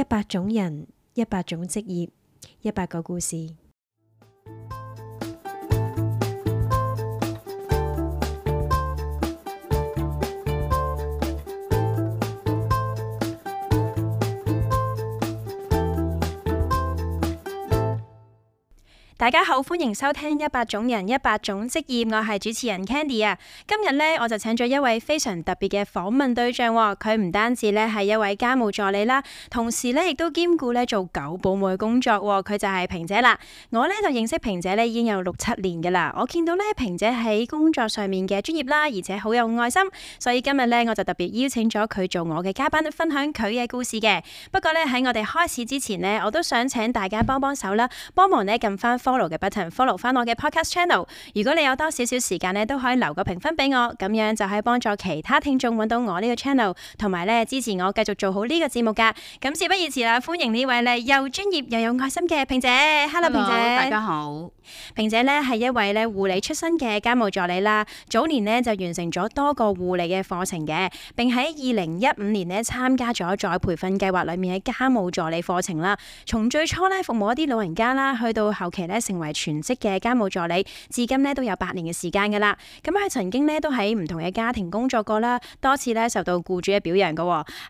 一百種人，一百種職業，一百個故事。大家好，歡迎收聽一百種人一百種職業，我係主持人 Candy 啊。今日呢，我就請咗一位非常特別嘅訪問對象，佢唔單止呢係一位家務助理啦，同時呢，亦都兼顧呢做狗保姆嘅工作。佢就係萍姐啦。我呢，就認識萍姐呢已經有六七年噶啦。我見到呢，萍姐喺工作上面嘅專業啦，而且好有愛心，所以今日呢，我就特別邀請咗佢做我嘅嘉賓，分享佢嘅故事嘅。不過呢，喺我哋開始之前呢，我都想請大家幫幫手啦，幫忙呢，撳返 follow 嘅 button，follow 翻我嘅 podcast channel。如果你有多少少時間咧，都可以留個評分俾我，咁樣就可以幫助其他聽眾揾到我呢個 channel，同埋咧支持我繼續做好呢個節目噶。咁事不宜遲啦，歡迎呢位嚟又專業又有愛心嘅萍姐。Hello，萍 Hello, 姐，大家好。萍姐呢係一位咧護理出身嘅家務助理啦，早年呢就完成咗多個護理嘅課程嘅，並喺二零一五年呢參加咗再培訓計劃裏面嘅家務助理課程啦。從最初呢服務一啲老人家啦，去到後期呢成為全職嘅家務助理，至今呢都有八年嘅時間噶啦。咁佢曾經呢都喺唔同嘅家庭工作過啦，多次呢受到雇主嘅表揚噶。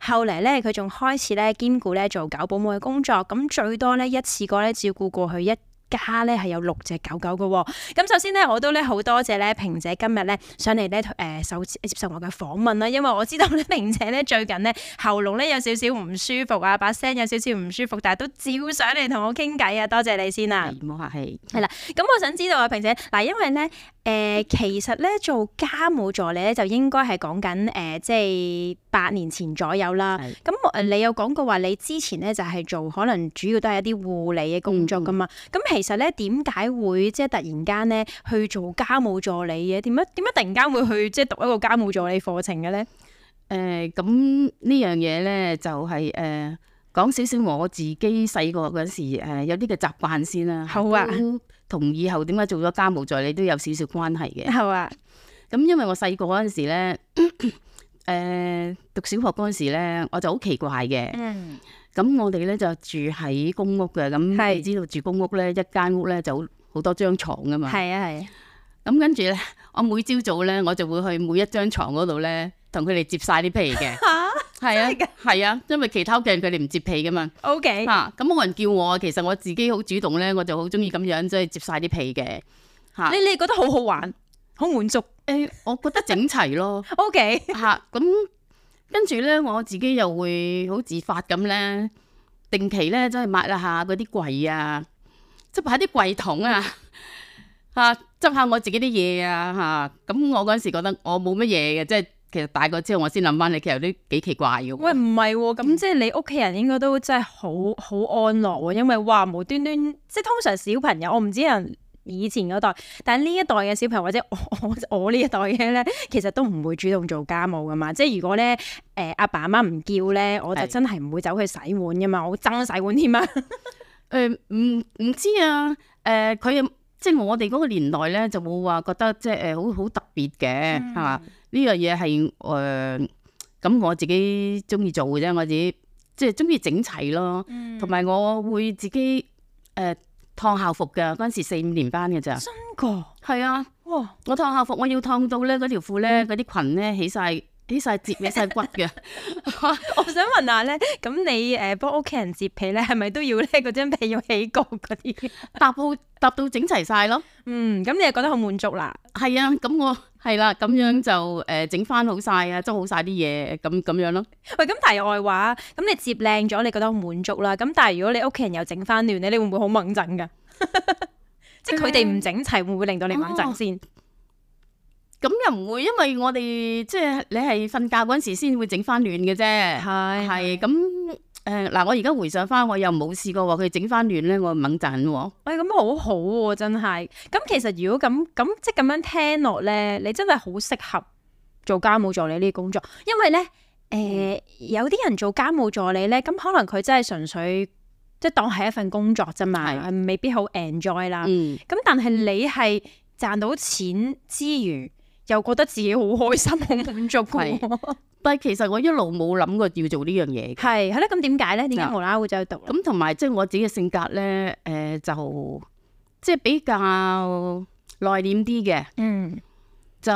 後嚟呢，佢仲開始呢兼顧呢做狗保姆嘅工作，咁最多呢一次過呢照顧過去一。家咧係有六隻狗狗噶、哦，咁首先呢，我都咧好多謝咧萍姐今日咧上嚟咧誒首次接受我嘅訪問啦，因為我知道咧萍姐咧最近咧喉嚨咧有少少唔舒服啊，把聲有少少唔舒服，但係都照上嚟同我傾偈啊，多謝你先啊，唔好客氣。係啦，咁我想知道啊，萍姐嗱，因為咧誒、呃、其實咧做家務助理咧就應該係講緊誒即係八年前左右啦，咁的你有講過話你之前咧就係做可能主要都係一啲護理嘅工作噶嘛，咁、嗯嗯其實咧，點解會即係突然間咧去做家務助理嘅？點解點解突然間會去即係讀一個家務助理課程嘅咧？誒、呃，咁呢樣嘢咧就係誒講少少我自己細個嗰時誒有啲嘅習慣先啦。好啊，同以後點解做咗家務助理都有少少關係嘅。係啊，咁因為我細個嗰時咧，誒、呃、讀小學嗰時咧，我就好奇怪嘅。嗯。咁我哋咧就住喺公屋嘅，咁你知道住公屋咧，一間屋咧就好多張床噶嘛。係啊係。咁跟住咧，我每朝早咧，我就會去每一張床嗰度咧，同佢哋摺晒啲被嘅。吓？係啊係啊，因為其他嘅人佢哋唔摺被噶嘛。OK、啊。嚇，咁冇人叫我啊，其實我自己好主動咧，我就好中意咁樣即係摺晒啲被嘅。嚇、啊？你你覺得好好玩，好滿足？誒、欸，我覺得整齊咯。OK、啊。吓。咁。跟住咧，我自己又會好自發咁咧，定期咧真係抹一下嗰啲櫃啊，執下啲櫃桶啊，嚇，執下我自己啲嘢啊嚇。咁、啊、我嗰陣時覺得我冇乜嘢嘅，即係其實大個之後我先諗翻，你其實都幾奇怪嘅。喂，唔係喎，咁即係你屋企人應該都真係好好安樂喎、哦，因為話無端端，即係通常小朋友，我唔知人。以前嗰代，但呢一代嘅小朋友或者我我呢一代嘅咧，其實都唔會主動做家務噶嘛。即係如果咧，誒、呃、阿爸阿媽唔叫咧，我就真係唔會走去洗碗噶嘛。是我憎洗碗添啊。誒唔唔知啊。誒、呃、佢即係我哋嗰個年代咧，就冇話覺得即係誒好好特別嘅係嘛？呢樣嘢係誒咁我自己中意做嘅啫。我自己即係中意整齊咯，同埋我會自己誒。呃燙校服嘅嗰陣時，四五年班嘅咋？真㗎的？係啊！哇！我燙校服，我要燙到咧嗰條褲咧，嗰啲、嗯、裙咧起晒，起晒摺嘅晒骨嘅。 我想問下咧，咁你誒幫屋企人摺被咧，係咪都要咧嗰張被要起角嗰啲， 搭好搭到整齊晒咯？嗯，咁你又覺得好滿足啦？係、嗯、啊，咁我係啦，咁、啊、樣就誒、呃、整翻好晒啊，執好晒啲嘢，咁咁樣咯。樣喂，咁題外話，咁你摺靚咗，你覺得好滿足啦。咁但係如果你屋企人又整翻亂咧，你會唔會好掹憎㗎？ 即係佢哋唔整齊，會唔會令到你猛震先？咁、哦、又唔會，因為我哋即係你係瞓覺嗰陣時先會整翻亂嘅啫。係係咁誒，嗱的、呃，我而家回想翻，我又冇試過佢整翻亂咧，我猛震喎。哎，咁好好、啊、喎，真係。咁其實如果咁咁即係咁樣聽落咧，你真係好適合做家務助理呢啲工作，因為咧誒、嗯呃、有啲人做家務助理咧，咁可能佢真係純粹。即係當係一份工作啫嘛，是未必好 enjoy 啦。咁、嗯、但係你係賺到錢之餘，又覺得自己好開心好滿足。係、 啊是， 但係其實我一路冇諗過要做呢樣嘢。係係啦，咁點解咧？點解無啦啦會走去讀？咁同埋即係我自己嘅性格咧，誒、呃、就即係比較內斂啲嘅。嗯，就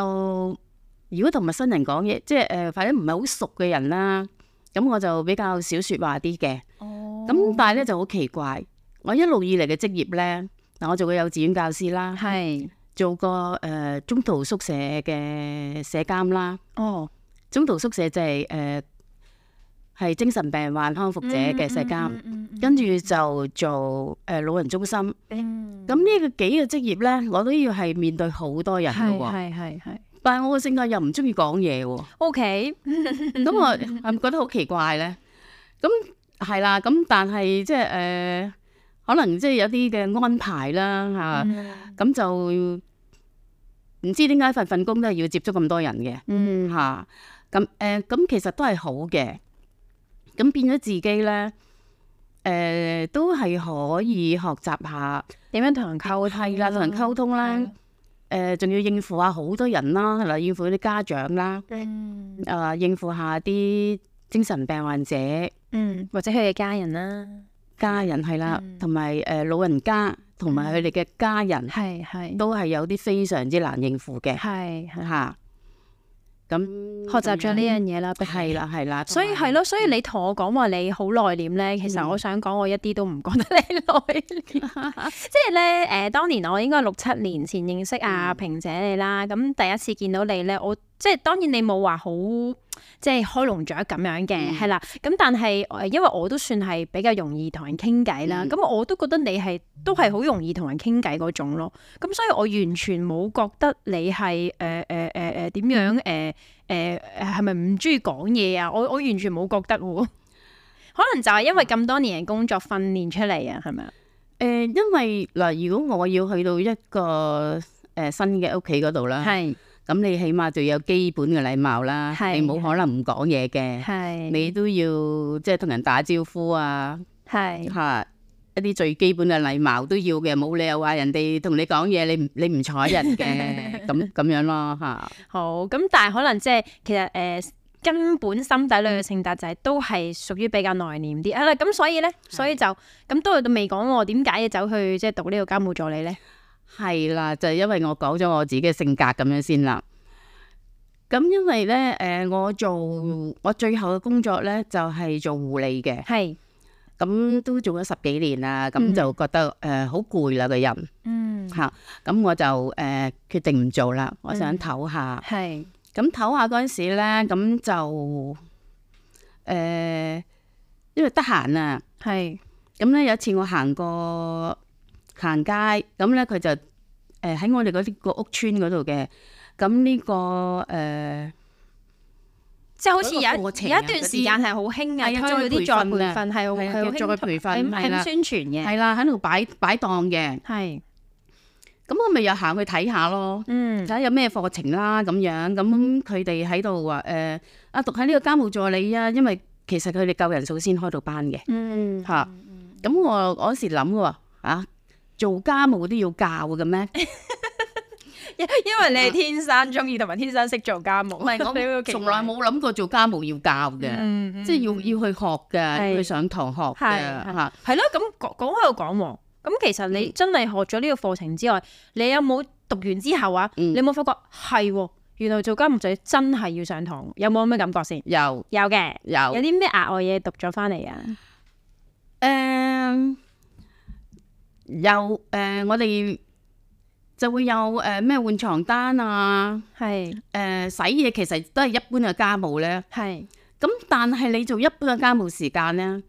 如果同陌生人講嘢，即係誒，反正唔係好熟嘅人啦。咁我就比較少說話啲嘅。咁、哦、但係咧就好奇怪，我一路以嚟嘅職業咧，嗱我做過幼稚園教師啦，係是做過誒中途宿舍嘅社監啦，哦、呃，中途宿舍、哦、途宿舍就係誒係精神病患康復者嘅社監，跟住就做誒、呃、老人中心，咁呢、嗯、個幾個職業咧，我都要係面對好多人嘅喎。但係我個性格又唔中意講嘢喎。O K，咁我係咪覺得好奇怪咧？咁係啦，咁但係即係誒，可能即係有啲嘅安排啦吓，咁、啊 mm hmm. 就唔知點解份份工都係要接觸咁多人嘅。嗯、mm，吓咁誒，咁、呃、其實都係好嘅。咁變咗自己咧，誒、呃，都係可以學習下點樣同人溝通，係啦，同人溝通咧。誒仲要應付下好多人啦，嗱應付啲家長啦，啊、嗯呃、應付下啲精神病患者，嗯、或者佢嘅家人啦，嗯、家人係啦，同埋誒老人家同埋佢哋嘅家人，係係、嗯、都係有啲非常之難應付嘅，係嚇、嗯。咁學習咗呢樣嘢啦，係啦係啦，所以係咯，所以你同我講話你好內斂咧，嗯、其實我想講我一啲都唔覺得你內斂，即係咧，誒， 當年我應該六七年前認識阿萍姐你啦，咁、嗯、第一次見到你咧，我即係、就是、當然你冇話好。即係開籠雀咁樣嘅，係啦、嗯。咁但係誒，因為我都算係比較容易同人傾偈啦。咁、嗯、我都覺得你係都係好容易同人傾偈嗰種咯。咁所以我完全冇覺得你係誒誒誒誒點樣誒誒係咪唔中意講嘢啊？我我完全冇覺得呵呵。可能就係因為咁多年嘅工作訓練出嚟啊，係咪啊？誒、呃，因為嗱、呃，如果我要去到一個誒、呃、新嘅屋企嗰度啦，係。咁你起碼就有基本嘅禮貌啦，的你冇可能唔講嘢嘅，的你都要即係同人打招呼啊，嚇的、啊、一啲最基本嘅禮貌都要嘅，冇理由話人哋同你講嘢你你唔睬人嘅，咁咁 樣咯嚇。啊、好，咁但係可能即、就、係、是、其實誒、呃、根本心底裏嘅性格就係、是、都係屬於比較內斂啲，啊啦咁、啊、所以咧，所以就咁都係都未講喎，點解你走去即係讀呢個家務助理咧？係啦，就係、是、因為我講咗我自己嘅性格咁樣先啦。咁因為咧，誒，我做我最後嘅工作咧就係做護理嘅，係是。咁都做咗十幾年啦，咁就覺得誒好攰啦個人。嗯。吓、呃，咁、嗯、我就誒、呃、決定唔做啦，我想唞下。係、嗯。咁唞下嗰陣時咧，咁就誒、呃，因為得閒啊。係是。咁咧有一次我行過。行街咁咧，佢就誒喺我哋嗰啲個屋村嗰度嘅。咁呢個誒，即係好似有有一段時間係好興嘅，做嗰啲再培訓係佢做嘅培訓，係唔宣傳嘅。係啦，喺度擺擺檔嘅。係。咁我咪又行去睇下咯。嗯。睇下有咩課程啦，咁樣。咁佢哋喺度話誒，阿讀喺呢個家務助理啊，因為其實佢哋夠人數先開到班嘅。嗯。嚇。咁我嗰時諗嘅喎，啊。做家務嗰啲要教嘅咩？因為你係天生中意同埋天生識做家務，唔係、啊、我從來冇諗過做家務要教嘅，即係、嗯嗯、要要去學嘅，去上堂學嘅嚇。係咯，咁講講開又講喎。咁其實你真係學咗呢個課程之外，你有冇讀完之後啊？嗯、你有冇發覺係喎？原來做家務仔真係要上堂，有冇咩感覺先？有有嘅有。有啲咩額外嘢讀咗翻嚟啊？誒。Um, 有誒、呃，我哋就會有誒咩、呃、換床單啊，係誒是、呃、洗嘢其實都係一般嘅家務咧，係是。咁但係你做一般嘅家務時間咧，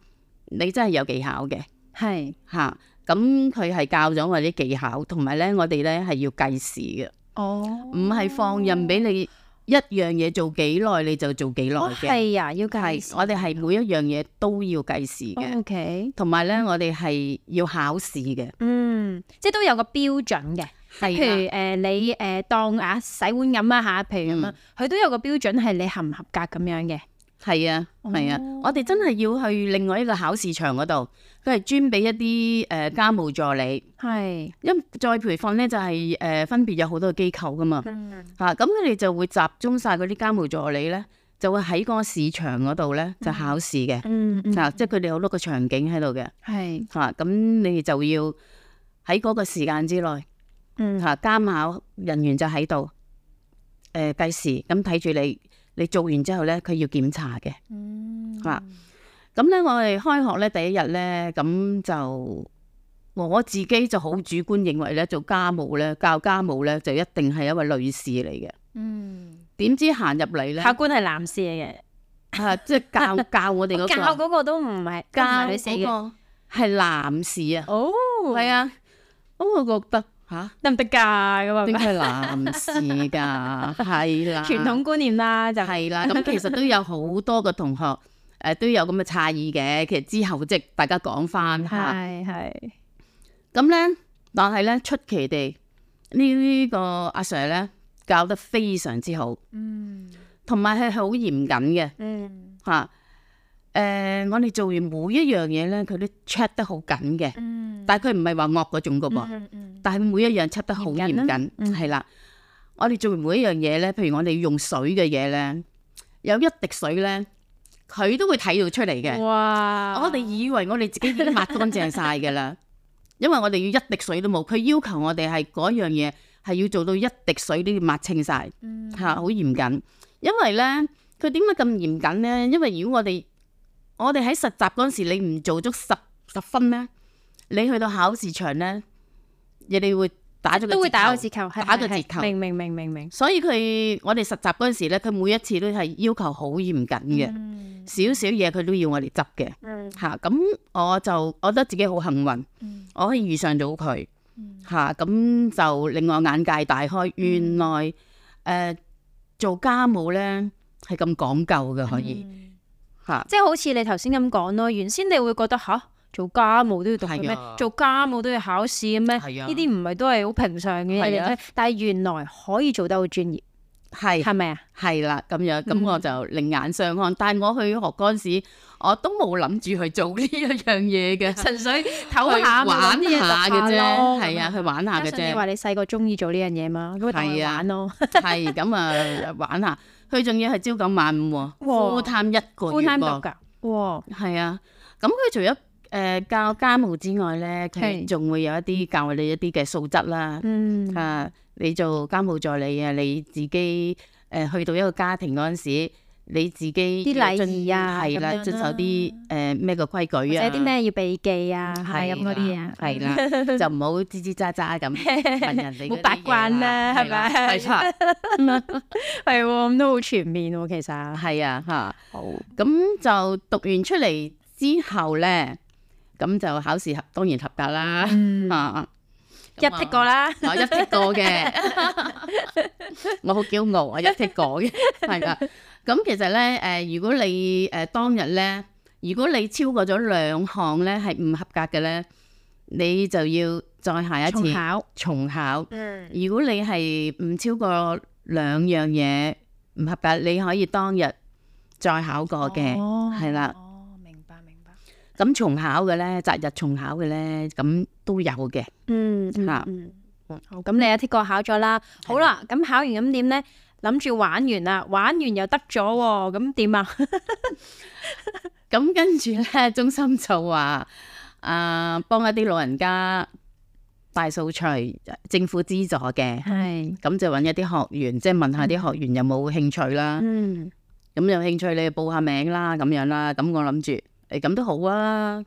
你真係有技巧嘅，係嚇是。咁佢係教咗我啲技巧，同埋咧我哋咧係要計時嘅，哦，唔係放任俾你。一樣嘢做幾耐你就做幾耐嘅，係呀、哦啊，要計。我哋係每一樣嘢都要計時嘅，OK，同埋咧我哋係要考試嘅，嗯，即係都有個標準嘅。係、啊、譬如誒、呃、你誒當啊洗碗咁啊吓，譬如佢、嗯、都有個標準，係你合唔合格咁樣嘅。係啊，係啊，哦、我哋真係要去另外一個考試場嗰度，佢係專俾一啲誒家務助理，係是因再培訓咧就係、是、誒、呃、分別有好多機構噶嘛，吓咁佢哋就會集中晒嗰啲家務助理咧，就會喺嗰個市場嗰度咧就考試嘅，嗯嗯、啊即係佢哋好多個場景喺度嘅，係吓咁你就要喺嗰個時間之內，吓、啊、監考人員就喺度，誒、呃、計時咁睇住你。你做完之後咧，佢要檢查嘅。嗯，吓咁咧，我哋開學咧第一日咧，咁就我自己就好主觀認為咧，做家務咧、教家務咧，就一定係一位女士嚟嘅。嗯，點知行入嚟咧，客觀係男士嚟嘅。嚇、啊，即、就、係、是、教教我哋嗰、那個、 教嗰個都唔係教你嗰個，係男士、哦、啊。哦，係啊，咁我覺得。吓得唔得噶咁啊？點解係男士噶係 是啦？傳 統觀念啦就係是啦。咁 其實都有好多個同學誒都有咁嘅詫異嘅。其實之後即大家講翻吓係係。咁咧、嗯，但係咧出奇地呢呢、這個阿 Sir 咧教得非常之好，嗯，同埋係好嚴謹嘅，嗯吓。啊誒、呃，我哋做完每一樣嘢咧，佢都 check 得好緊嘅。但係佢唔係話惡嗰種噶噃。但係每一樣 check 得好嚴謹，係啦。我哋做完每一樣嘢咧，譬如我哋要用水嘅嘢咧，有一滴水咧，佢都會睇到出嚟嘅。哇！Wow. 我哋以為我哋自己已經抹乾淨晒㗎啦，因為我哋要一滴水都冇。佢要求我哋係嗰樣嘢係要做到一滴水都要抹清晒，嚇好、mm. swing Deep. 嚴謹。因為咧，佢點解咁嚴謹咧？因為如果我哋我哋喺實習嗰時，你唔做足十十分咧，你去到考試場咧，人哋會打咗個都會打個折扣，打個折扣。明明明明明。所以佢我哋實習嗰時咧，佢每一次都係要求好嚴謹嘅，少少嘢佢都要我哋執嘅。吓咁、嗯，我就我覺得自己好幸運，嗯、我可以遇上到佢。吓咁、嗯、就令我眼界大開，原來誒、呃、做家務咧係咁講究嘅，可以。嗯即係好似你頭先咁講咯，原先你會覺得嚇做家務都要讀咩？做家務都要考試咩？呢啲唔係都係好平常嘅嘢。但係原來可以做得好專業，係係咪啊？係啦，咁樣咁我就另眼相看。但係我去學嗰時，我都冇諗住去做呢一樣嘢嘅，純粹唞下玩下嘅啫。係啊，去玩下嘅啫。你話你細個中意做呢樣嘢嘛？咁咪玩咯。係咁啊，玩下。最重要係朝九晚五喎 full time 一個 full time 得㗎？哇，係啊。咁佢除咗誒、呃、教家務之外咧，佢仲是會有一啲教你一啲嘅素質啦。嗯，啊，你做家務助理啊，你自己誒、呃、去到一個家庭嗰陣時。你自己啲禮儀啊，係啦，遵守啲誒咩個規矩啊，或者啲咩要避忌啊，係咁嗰啲啊，係啦，就唔好吱吱喳喳咁問人哋，好八卦啦，係咪？係錯，係喎，咁都好全面喎，其實。係啊，嚇。好。咁就讀完出嚟之後咧，咁就考試合當然合格啦，一 take 過啦，我一 take 過嘅，我好驕傲，我一 take 過嘅，係㗎。咁其實咧，誒，如果你誒當日咧，如果你超過咗兩項咧，係唔合格嘅咧，你就要再下一次重考。重考。嗯。如果你係唔超過兩樣嘢唔合格，你可以當日再考過嘅。哦。係啦。哦，明白明白。咁重考嘅咧，擇日重考嘅咧，咁都有嘅。嗯。嗯。嗱。嗯。好。咁你一鐵過考咗啦。是的 好啦，咁考完咁點咧？諗住玩完啦，玩完又得咗，咁點啊？咁跟住咧，中心就話啊，幫一啲老人家大掃除，政府資助嘅，係，咁就搵一啲學員，即係問下啲學員有冇興趣啦。嗯，咁有興趣你就報下名啦，咁樣啦。咁我諗住誒，咁都好啊，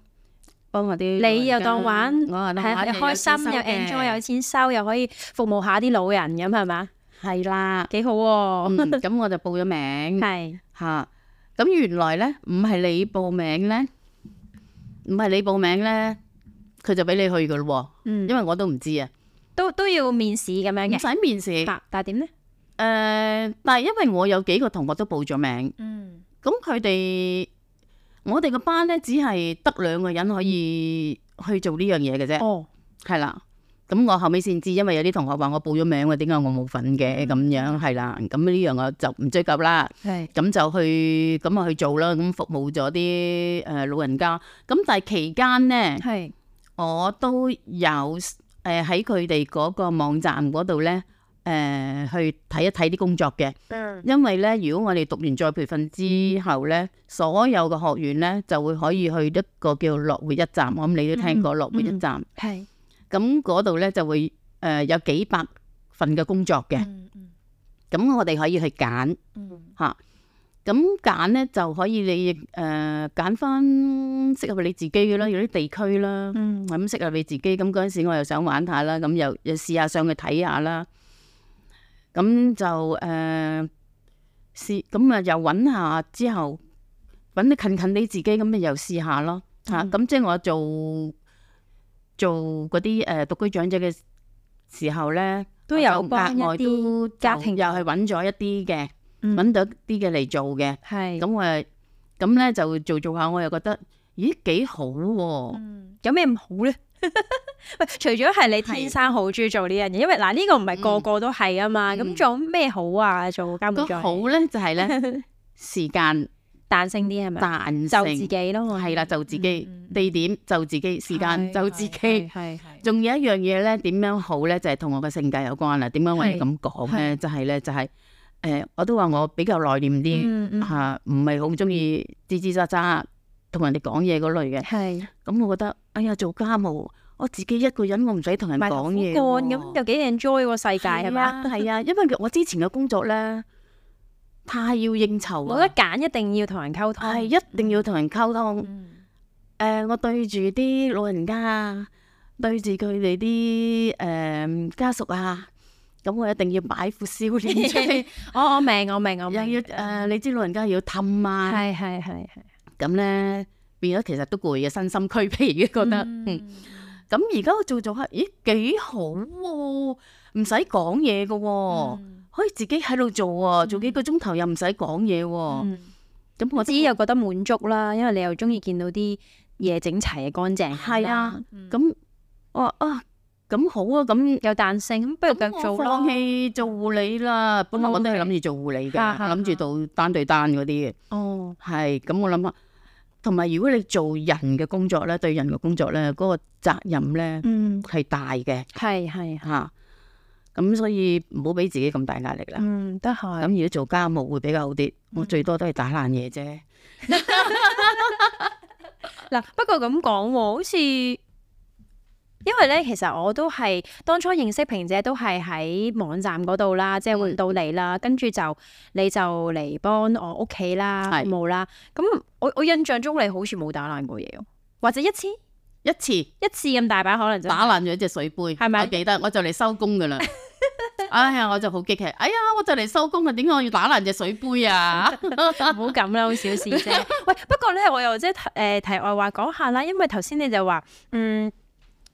幫我啲你又當玩，我當下開心又 enjoy，有錢收又可以服務下啲老人，咁係嘛？係啦，幾好喎、啊。嗯，咁 我就報咗名。係吓的，咁原來咧，唔係你報名咧，唔係你報名咧，佢就俾你去噶咯。嗯，因為我都唔知啊。都都要面試咁樣嘅？唔使面試。但係點咧？誒，但係、呃、因為我有幾個同學都報咗名。嗯。咁佢哋，我哋個班咧，只係得兩個人可以去做呢樣嘢嘅啫。哦。係啦。咁我後尾先知，因為有啲同學話我報咗名，點解我冇份嘅咁、嗯、樣係啦。咁呢樣我就唔追究啦。係，咁就去咁啊去做啦。咁服務咗啲誒老人家。咁但係期間呢，係是 我都有誒喺佢哋嗰個網站嗰度呢誒、呃、去睇一睇啲工作嘅。因為呢，如果我哋讀完再培訓之後呢，嗯、所有嘅學員呢就會可以去一個叫樂活一站，我諗你都聽過樂活一站係。咁嗰度咧就會誒有幾百份嘅工作嘅，咁、嗯嗯、我哋可以去揀嚇。咁揀咧就可以你誒揀翻適合你自己嘅啦，有啲地區啦，咁、嗯、適合你自己。咁嗰陣時我又想玩下啦，咁又又試下上去睇下啦。咁就誒、呃、試咁啊，又揾下之後揾得近近你自己，咁咪又試下咯嚇。咁、嗯嗯嗯、即係我做。做嗰啲誒獨居長者嘅時候咧，都有格外啲家庭又係揾咗一啲嘅，揾、嗯、到一啲嘅嚟做嘅。係咁誒，咁咧就做做下，我又覺得咦幾好喎、啊？有咩唔好咧？喂， 除咗係你天生好中意是做呢樣嘢，因為嗱呢個唔係個個都係啊嘛。咁、嗯、做咩好啊？做家務都好咧，就係、是、咧 時間。彈性啲係咪？彈性。就自己咯，係啦，就自己地點，就自己時間，就自己。係仲有一樣嘢咧，點樣好咧？就係同我嘅性格有關啦。點解我要咁講咧？就係咧，就係誒，我都話我比較內斂啲吓，唔係好中意吱吱喳喳同人哋講嘢嗰類嘅。係。咁我覺得，哎呀，做家務，我自己一個人，我唔使同人講嘢，幹咁又幾 enjoy 個世界係嘛？係啊，因為我之前嘅工作咧。太要應酬，冇得揀，一定要同人溝通。係一定要同人溝通。誒，我對住啲老人家，對住佢哋啲誒家屬啊，咁我一定要擺副笑臉出嚟。我我明，我明，我明。又要誒，你知老人家要氹啊。係係係係。咁咧變咗，其實都攰嘅，身心俱疲嘅覺得。咁而家我做咗，咦幾好喎？唔使講嘢㗎喎。可以自己喺度做喎，做幾個鐘頭又唔使講嘢喎，咁我自己又覺得滿足啦。因為你又中意見到啲嘢整齊、乾淨。係啊，咁我話啊，咁好啊，咁有彈性，不如繼續做咯。放棄做護理啦，本來我都係諗住做護理嘅，諗住到單對單嗰啲嘅。哦，係咁，我諗啊，同埋如果你做人嘅工作咧，對人嘅工作咧，嗰個責任咧，係大嘅。係係吓。咁所以唔好俾自己咁大壓力啦。嗯，得閒。咁如果做家務會比較好啲，嗯、我最多都係打爛嘢啫。嗱 不過咁講喎，好似因為咧，其實我都係當初認識萍姐都係喺網站嗰度啦，即係揾到你啦，跟住就你就嚟幫我屋企啦、家務啦。咁我是 我印象中你好似冇打爛過嘢喎，或者一次、一次、一次咁大把可能就打爛咗隻水杯，係咪嗎？我記得我就嚟收工噶啦。 哎呀，我就好激氣！哎呀，我就嚟收工啦，點解我要打爛隻水杯啊？唔好咁啦，好小事啫。喂，不過咧，我又即係誒，題外話講下啦。因為頭先你就話，嗯，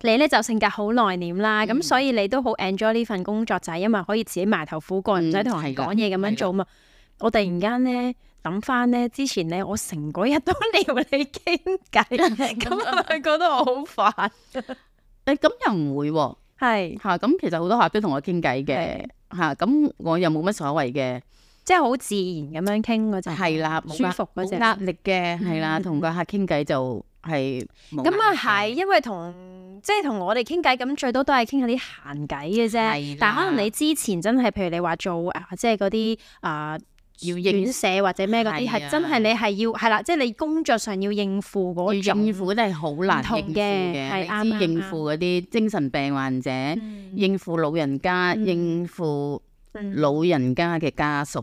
你咧就性格好內斂啦，咁所以你都好 enjoy 呢份工作，就係因為可以自己埋頭苦幹，唔使同人講嘢咁樣做嘛。嗯、我突然間咧諗翻咧，之前咧我成嗰日都撩你傾偈，咁你覺得我好煩？誒、 哎，咁又唔會喎。係吓，咁其實好多客都同我傾偈嘅吓，咁的我又冇乜所謂嘅，即係好自然咁樣傾嗰隻，係啦，舒服嗰隻，冇壓力嘅，係啦，同個客傾偈就係咁啊，係因為同即係同我哋傾偈，咁最多都係傾下啲閒偈嘅啫，的但係可能你之前真係，譬如你話做啊，即係嗰啲啊。呃要院舍或者咩啲，係真係你係要係啦，即係你工作上要應付嗰種，應付真係好難應付嘅，係啱應付嗰啲精神病患者，應付老人家，應付老人家嘅家屬，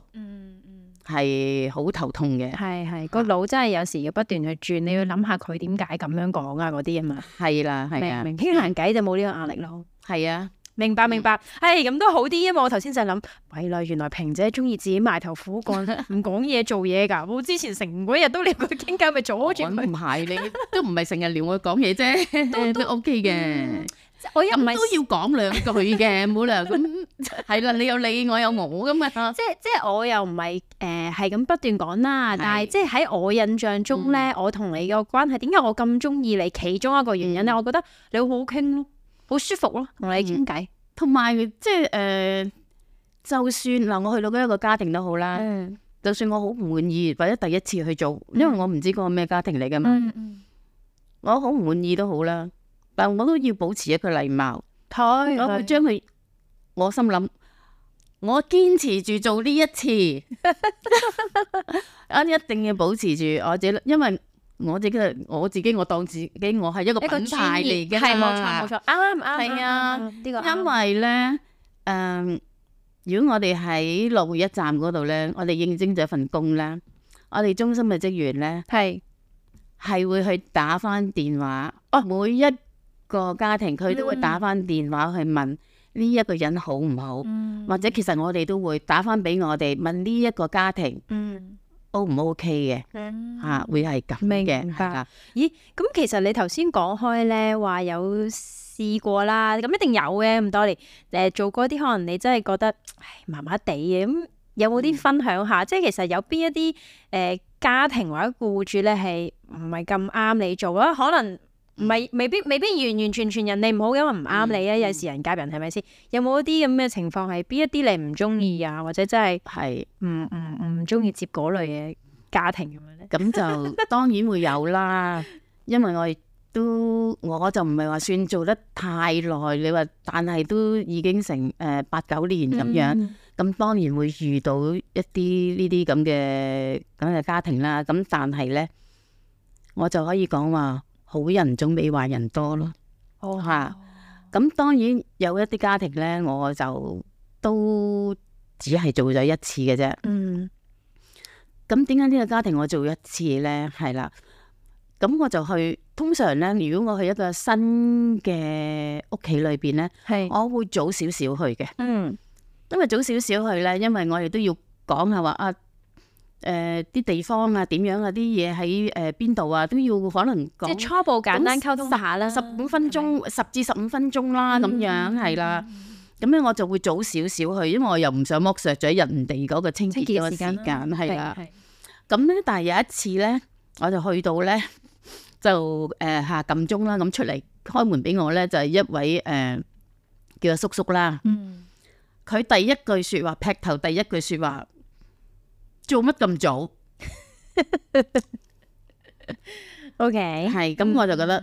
係好頭痛嘅。係係個腦真係有時要不斷去轉，你要諗下佢點解咁樣講啊嗰啲啊嘛。係啦，係明傾閒偈就冇呢個壓力咯。係啊。明白明白，哎咁都好啲，因為我頭先就係諗，喂，來原來萍姐中意自己埋頭苦幹，唔講嘢做嘢㗎。我之前成嗰日都撩佢傾偈，咪阻住佢。唔係你都唔係成日撩我講嘢啫，都都 OK 嘅。我因唔咁都要講兩句嘅，好兩句。咁係啦，你有你，我有我咁啊。即即我又唔係誒，係咁不斷講啦。但係即喺我印象中咧，我同你嘅關係，點解我咁中意你？其中一個原因咧，我覺得你好好傾咯。好舒服咯，同你傾偈，同埋、嗯、即係誒、呃，就算嗱，我去到一個家庭都好啦，嗯，就算我好唔滿意或者第一次去做，因為我唔知嗰個咩家庭嚟噶嘛，嗯、我滿好唔滿意都好啦，但我都要保持一個禮貌，對對對，我會將佢，我心諗，我堅持住做呢一次，啊， 一定要保持住我自己，因為。我自己，我自己，我當自己，我係一個品牌嚟嘅。係冇錯冇錯，啱唔啱？係啊，呢個。因為咧，誒、呃，如果我哋喺樂匯一站嗰度咧，我哋應徵咗份工啦，我哋中心嘅職員咧，係係是會去打翻電話，哦、啊，每一個家庭佢都會打翻電話去問呢一、嗯、個人好唔好，嗯、或者其實我哋都會打翻俾我哋問呢一個家庭。嗯 O 唔、哦、OK 嘅嚇、嗯啊，會係咁嘅。明白、係嘅、咦，咁其實你頭先講開呢話有試過啦，咁一定有嘅。咁多年誒，做過啲可能你真係覺得麻麻地嘅。咁有冇啲分享下？嗯、即係其實有邊一啲誒家庭或者僱主呢係唔係咁啱你做啊？可能。唔係，未必未必完完全全人哋唔好，因為唔啱你啊！嗯、有時人夾人係咪先？有冇一啲咁嘅情況係邊一啲你唔中意啊？或者真係係唔唔唔中意接嗰類嘅家庭咁樣咧？咁就當然會有啦， 因為我亦都我就唔係話算做得太耐，你話但係都已經成誒八九年咁樣，咁、嗯、當然會遇到一啲呢啲咁嘅咁嘅家庭啦。咁但係咧，我就可以講話，好人總比壞人多咯，嚇、oh. 啊！咁當然有一啲家庭咧，我就都只係做咗一次嘅啫。嗯。咁點解呢個家庭我做一次咧？係啦，咁我就去。通常咧，如果我去一個新嘅屋企裏邊咧，係是，我會早少少去嘅。嗯。Mm. 因為早少少去咧，因為我哋都要講下話啊。誒啲地方啊，點樣啊，啲嘢喺誒邊度啊，都要可能講，即係初步簡單溝通下啦，十五分鐘，十至十五分鐘啦，咁樣係啦。咁咧我就會早少少去，因為我又唔想剝削咗人哋嗰個清潔嗰個時間，係啦。咁咧，但係有一次咧，我就去到咧，就誒下撳鐘啦，咁出嚟開門俾我咧，就係一位誒叫阿叔叔啦。佢第一句説話，劈頭第一句説話。做乜咁早 ？OK，係咁、嗯嗯、我就覺得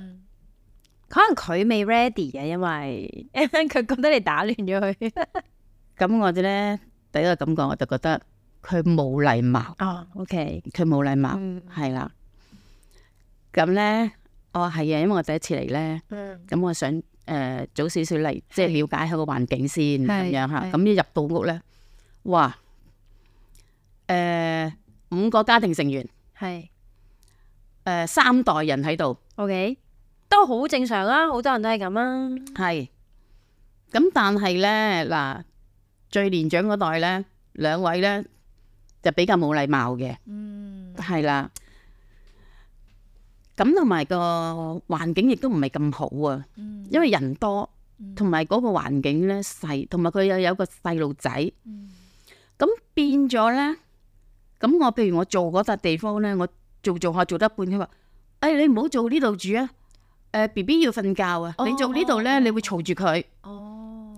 可能佢未 ready 嘅，因為佢覺得你打亂咗佢。咁我哋咧第一個感覺我就覺得佢冇禮貌啊、哎哦。OK，佢冇禮貌係啦。咁咧、嗯，哦，係啊，因為我第一次嚟咧，咁我想誒、呃、早少少嚟，即係了解下個環境先咁樣吓。咁一、啊、入到屋咧，哇！誒、呃，五個家庭成員係誒是、呃，三代人喺度，OK 都好正常啦、啊。好多人都係咁啊，係咁，但係咧嗱，最年長嗰代咧，兩位咧就比較冇禮貌嘅，嗯，係啦。咁同埋個環境亦都唔係咁好啊，嗯、因為人多，嗯、同埋嗰個環境咧細，同埋佢又有個細路仔，嗯，咁、嗯、變咗咧。咁我譬如我做嗰笪地方咧，我做做下做得一半，佢話，誒、哎、你唔好做呢度住啊！誒 B B 要瞓覺啊！你做呢度咧，哦、你會嘈住佢。哦。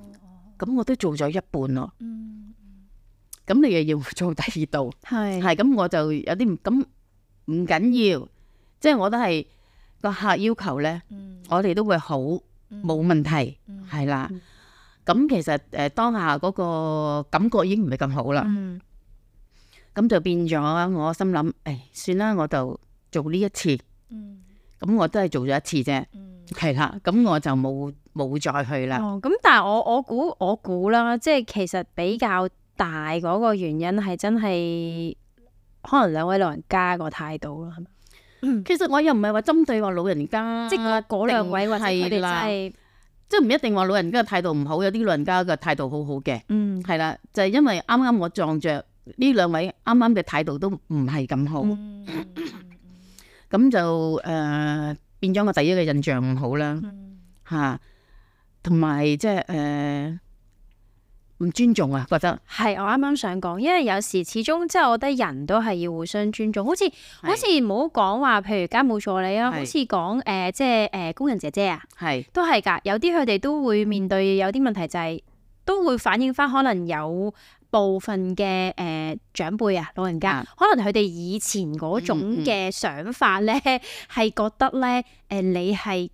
咁我都做咗一半咯。嗯。咁你又要做第二度？係。係咁我就有啲唔咁唔緊要，即係、就是、我都係個客要求咧，我哋都會好冇、嗯、問題，係、嗯、啦。咁其實誒當下嗰個感覺已經唔係咁好啦。嗯嗯嗯嗯嗯咁就變咗，我心諗，誒，算啦，我就做呢一次。嗯。咁我都係做咗一次啫。嗯。係啦，咁我就冇冇再去啦。哦。咁但係我我估我估啦，即係其實比較大嗰個原因係真係，可能兩位老人家個態度啦，係咪？嗯、其實我又唔係話針對話老人家，嗯、即係嗰兩位或者佢哋真係、就係，yeah，即係唔一定話老人家嘅態度唔好，有啲老人家嘅態度好好嘅。嗯。係啦、嗯，就係、係、因為啱啱我撞着。呢兩位啱啱嘅態度都唔係咁好，咁、嗯、 就誒、呃、變咗我第一嘅印象唔好啦，吓、啊，同埋即係誒唔尊重啊，覺得係我啱啱想講，因為有時始終即係我覺得人都係要互相尊重，好似是好似唔好講話，譬如家務助理啊，是好似講誒即係誒、呃、工人姐姐啊，係是都係噶，有啲佢哋都會面對有啲問題、就是，就係都會反映翻，可能有。部分嘅誒、呃、長輩啊，老人家，啊、可能佢哋以前嗰種嘅想法咧，係、嗯嗯、覺得咧，誒、呃、你係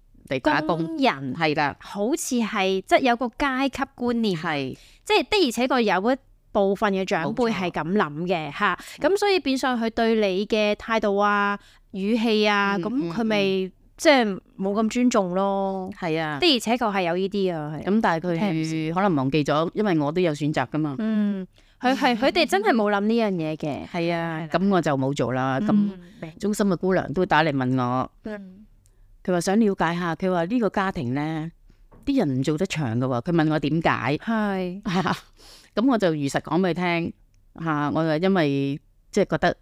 工人係啦，好似係即有個階級觀念，係即的而且確有一部分嘅長輩係咁諗嘅嚇，咁、嗯嗯啊、所以變相佢對你嘅態度啊、語氣啊，咁佢咪，嗯嗯嗯即係冇咁尊重咯，係啊，的而且確係有呢啲啊，咁但係佢可能忘記咗，因為我都有選擇噶嘛。嗯，佢係佢哋真係冇諗呢樣嘢嘅，係、嗯、啊。咁、啊嗯、我就冇做啦。咁中心嘅姑娘都打嚟問我，佢話、嗯、想了解下，佢話呢個家庭咧，啲人唔做得長噶。佢問我點解？係是，咁、啊、我就如實講俾佢聽。吓、啊，我係因為即係覺得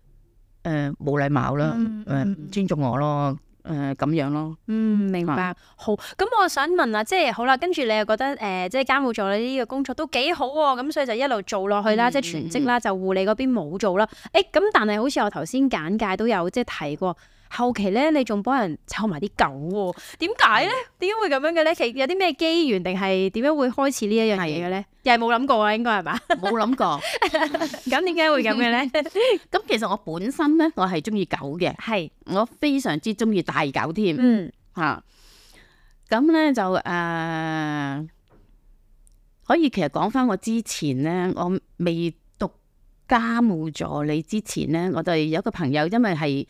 誒冇禮貌啦，誒唔、嗯、尊重我咯。誒咁樣咯，嗯，明白，吧好。咁我想問啊，即係好啦，跟住你又覺得誒，即係家務助理呢個工作都幾好喎，咁所以就一路做落去啦，嗯，即係全職啦，嗯，就護理嗰邊冇做啦。誒，咁但係好似我頭先簡介都有即係提過。後期咧，你仲幫人湊埋啲狗喎？點解咧？點解會咁樣嘅咧？其實有啲咩機緣定係點樣會開始呢一樣嘢嘅咧？又係冇諗過啊，應該係嘛？冇諗想過。 咁點解會咁嘅咧？咁其實我本身咧，我係中意狗嘅。係，我非常之中意大狗添。嗯。嚇、啊！咁咧就誒、呃，可以其實講翻我之前咧，我未讀家務助理之前咧，我哋有一個朋友，因為係。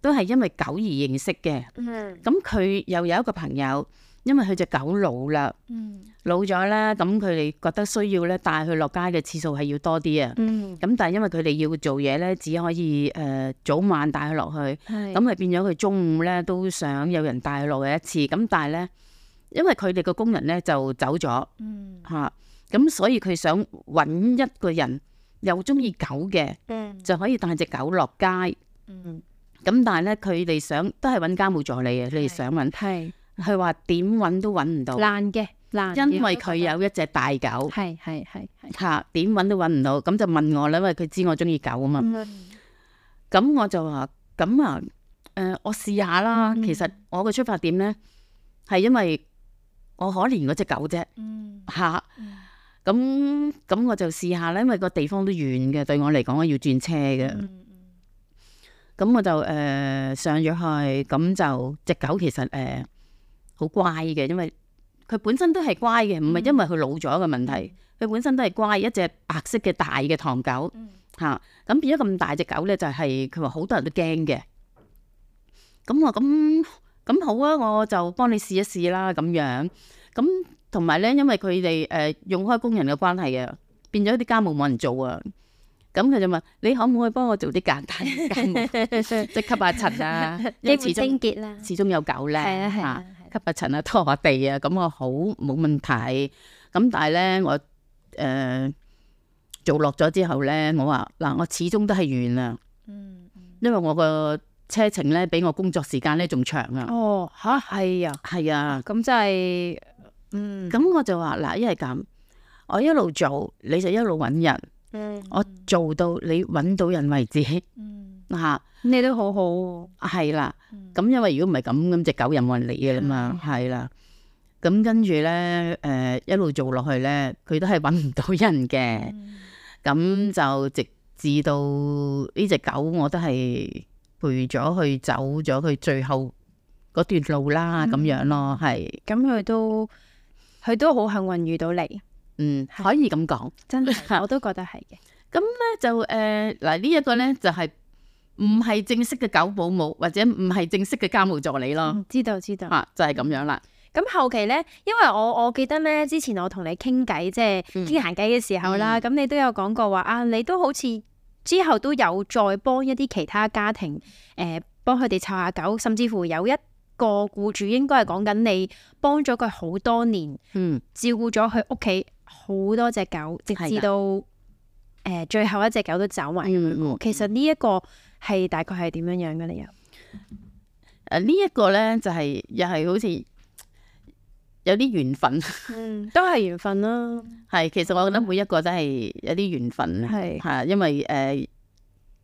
都係因為狗而認識嘅。咁佢、嗯、又有一個朋友，因為佢隻狗老啦，嗯、老咗呢。咁佢哋覺得需要呢帶佢落街嘅次數係要多啲啊。咁、嗯、但係因為佢哋要做嘢呢，只可以誒、呃、早晚帶佢落去，咁係是變咗佢中午呢都想有人帶佢落去一次。咁但係呢，因為佢哋個工人呢就走咗，嚇咁、嗯啊、所以佢想揾一個人又中意狗嘅，嗯、就可以帶隻狗落街。嗯咁但係咧，佢哋想都係揾家務助理嘅，佢哋想揾，係佢話點揾都揾唔到，難嘅難，因為佢有一隻大狗，係係係嚇，點揾都揾唔到，咁就問我啦，因為佢知我中意狗啊嘛。咁、嗯、我就話咁啊，誒、呃，我試下啦。嗯、其實我嘅出發點咧，係因為我可憐嗰隻狗啫吓，咁咁、嗯嗯嗯嗯、我就試下啦，因為個地方都遠嘅，對我嚟講我要轉車嘅。嗯嗯咁我就誒、呃、上咗去，咁就隻狗其實誒好、呃、乖嘅，因為佢本身都係乖嘅，唔係因為佢老咗嘅問題，佢、嗯、本身都係乖，一隻白色嘅大嘅唐狗嚇，咁、嗯啊、變咗咁大隻狗咧，就係佢話好多人都驚嘅。咁我話咁好啊，我就幫你試一試啦，咁樣。咁同埋咧，因為佢哋誒用開工人嘅關係嘅，變咗啲家務冇人做啊。咁佢就問：你可唔可以幫我做啲簡單嘅家務， 即係吸下塵啊？即係 清潔啦，始終有狗咧，係啊係啊，吸下塵啊，拖下地啊。咁我好，冇問題。咁但係咧，我誒、呃、做落咗之後咧，我話嗱，我始終都係遠啊。嗯，因為我個車程咧，比我工作時間咧仲長、哦、啊。哦，吓係啊，係啊，咁真係，嗯。咁我就話嗱，因為咁，我一路做，你就一路搵人。嗯，我做到你搵到人為止，嗯、啊，你都好好、啊，係啦。咁、嗯、因為如果唔係咁，咁隻狗又冇人理嘅啦嘛，係、嗯、啦。咁跟住咧，誒、呃、一路做落去咧，佢都係搵唔到人嘅。咁、嗯嗯、就直至到呢隻狗，我都係陪咗佢走咗佢最後段路啦，咁、嗯、樣咯，係。咁佢、嗯、都佢都好幸運遇到你。嗯，是可以咁講，真係我都覺得係嘅。咁咧 就誒，嗱呢一個咧，就係唔係正式嘅狗保姆，或者唔係正式嘅家務助理咯。知道、嗯、知道，知道啊就係、是、咁樣啦。咁、嗯嗯嗯、後期咧，因為我我記得咧，之前我同你傾偈，即係傾閒偈嘅時候啦，咁、嗯嗯、你都有講過話啊，你都好似之後都有再幫一啲其他家庭誒、呃、幫佢哋湊下狗，甚至乎有一個僱主應該係講緊你幫咗佢好多年，多年嗯，照顧咗佢屋企。好多隻狗，直至到誒最後一隻狗都走埋、嗯嗯嗯嗯、其實呢一個係大概係點樣樣嘅？理由、呃？誒、這個、呢一個咧，就係、是、又係好似有啲緣分、嗯，都係緣分啦、嗯。係其實我覺得每一個都係有啲緣分，係吓、嗯嗯，因為誒、呃、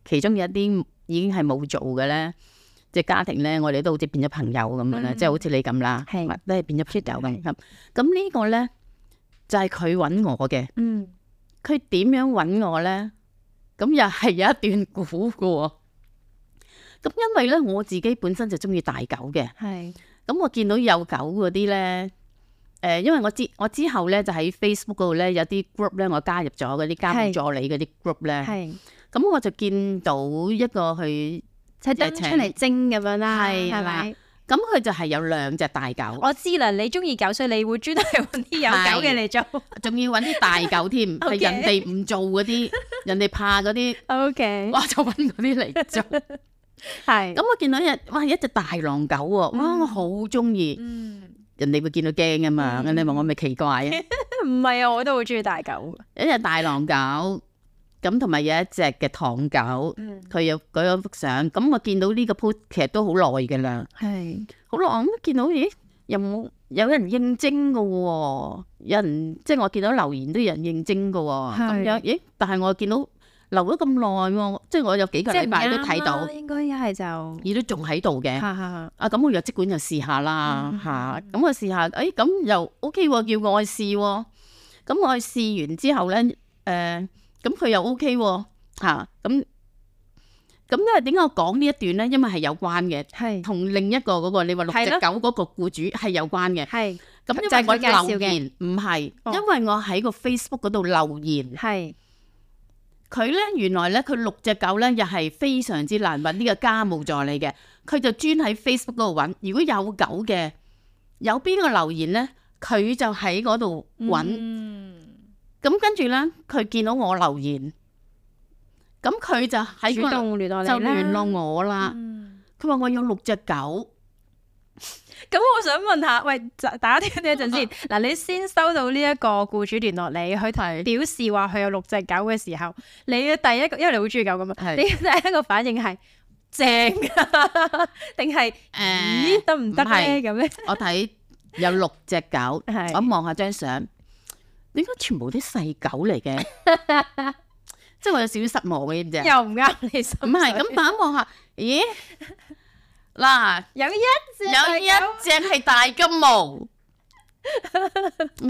其中有一啲已經係冇做嘅咧，即係家庭咧，我哋都好似變咗朋友咁樣啦，即係、嗯、好似你咁啦，係的都係變咗朋友咁。咁呢個咧。就係佢揾我嘅，佢點、嗯、樣揾我咧？咁又係有一段古嘅喎、哦。咁因為咧，我自己本身就中意大狗嘅，咁是我見到有狗嗰啲咧，誒、呃，因為我之我之後咧就喺 Facebook 嗰度咧有啲 group 咧，我加入咗嗰啲家務助理嗰啲 group 咧，咁我就見到一個去即係掹出嚟蒸咁樣啦，係咪是？咁佢就係有兩隻大狗。我知啦，你中意狗，所以你會專揾啲有狗嘅嚟做，仲要揾啲大狗添，係 人哋唔做嗰啲， 人哋怕嗰啲。 O Okay . K，哇！就揾嗰啲嚟做。係 是。咁我見到一隻，哇！一隻大狼狗喎，哇！我好中意。嗯。人哋會見到驚啊嘛，嗯、人哋話我咪奇怪啊。唔係啊，我都好中意大狗。 一隻大狼狗。咁同埋有一隻嘅唐狗，佢有、嗯、舉咗幅相。咁我見到呢個 post 其實都好耐㗎喇。係好耐咁，見到咦，又冇有人應徵㗎喎。有人即係我見到留言都有人應徵㗎喎。咁樣咦？但係我見到留咗咁耐喎，即係我有幾個禮拜都睇到。應該一係就而都仲喺度嘅。啊咁 anch、er ual，我若即管就試下啦嚇。咁我試下，哎咁又 OK 喎，叫我試喎。咁我試完之後咧，誒。咁佢又 OK 吓，嚇咁，咁咧？點解我講呢一段咧？因為係有關嘅，係同是另一個嗰，那個你話六隻狗嗰個雇主係有關嘅，係咁就係我留言，唔係是、哦、因為我喺個 Facebook 嗰度留言，係佢咧原來咧，佢六隻狗咧又係非常之難揾呢、這個家務助理嘅，佢就專喺 Facebook 嗰度揾，如果有狗嘅有邊個留言咧，佢就喺嗰度揾。嗯咁跟住咧，佢見到我留言，咁佢就喺嗰度就聯絡我啦。佢話我有六隻狗。咁我想問下，喂，打斷你一陣先。嗱，你先收到呢一個僱主聯絡你，佢提表示話佢有六隻狗嘅時候，你嘅第一個，因為你好中意狗咁嘛，你第一個反應係正㗎定係咦得唔得咧？咁咧，我睇有六隻狗，我望下張相。點解全部啲細狗嚟嘅？即係我有少少失望嘅，只又唔啱，唔係咁。但係一望下，咦嗱，有一隻有一隻係大金毛，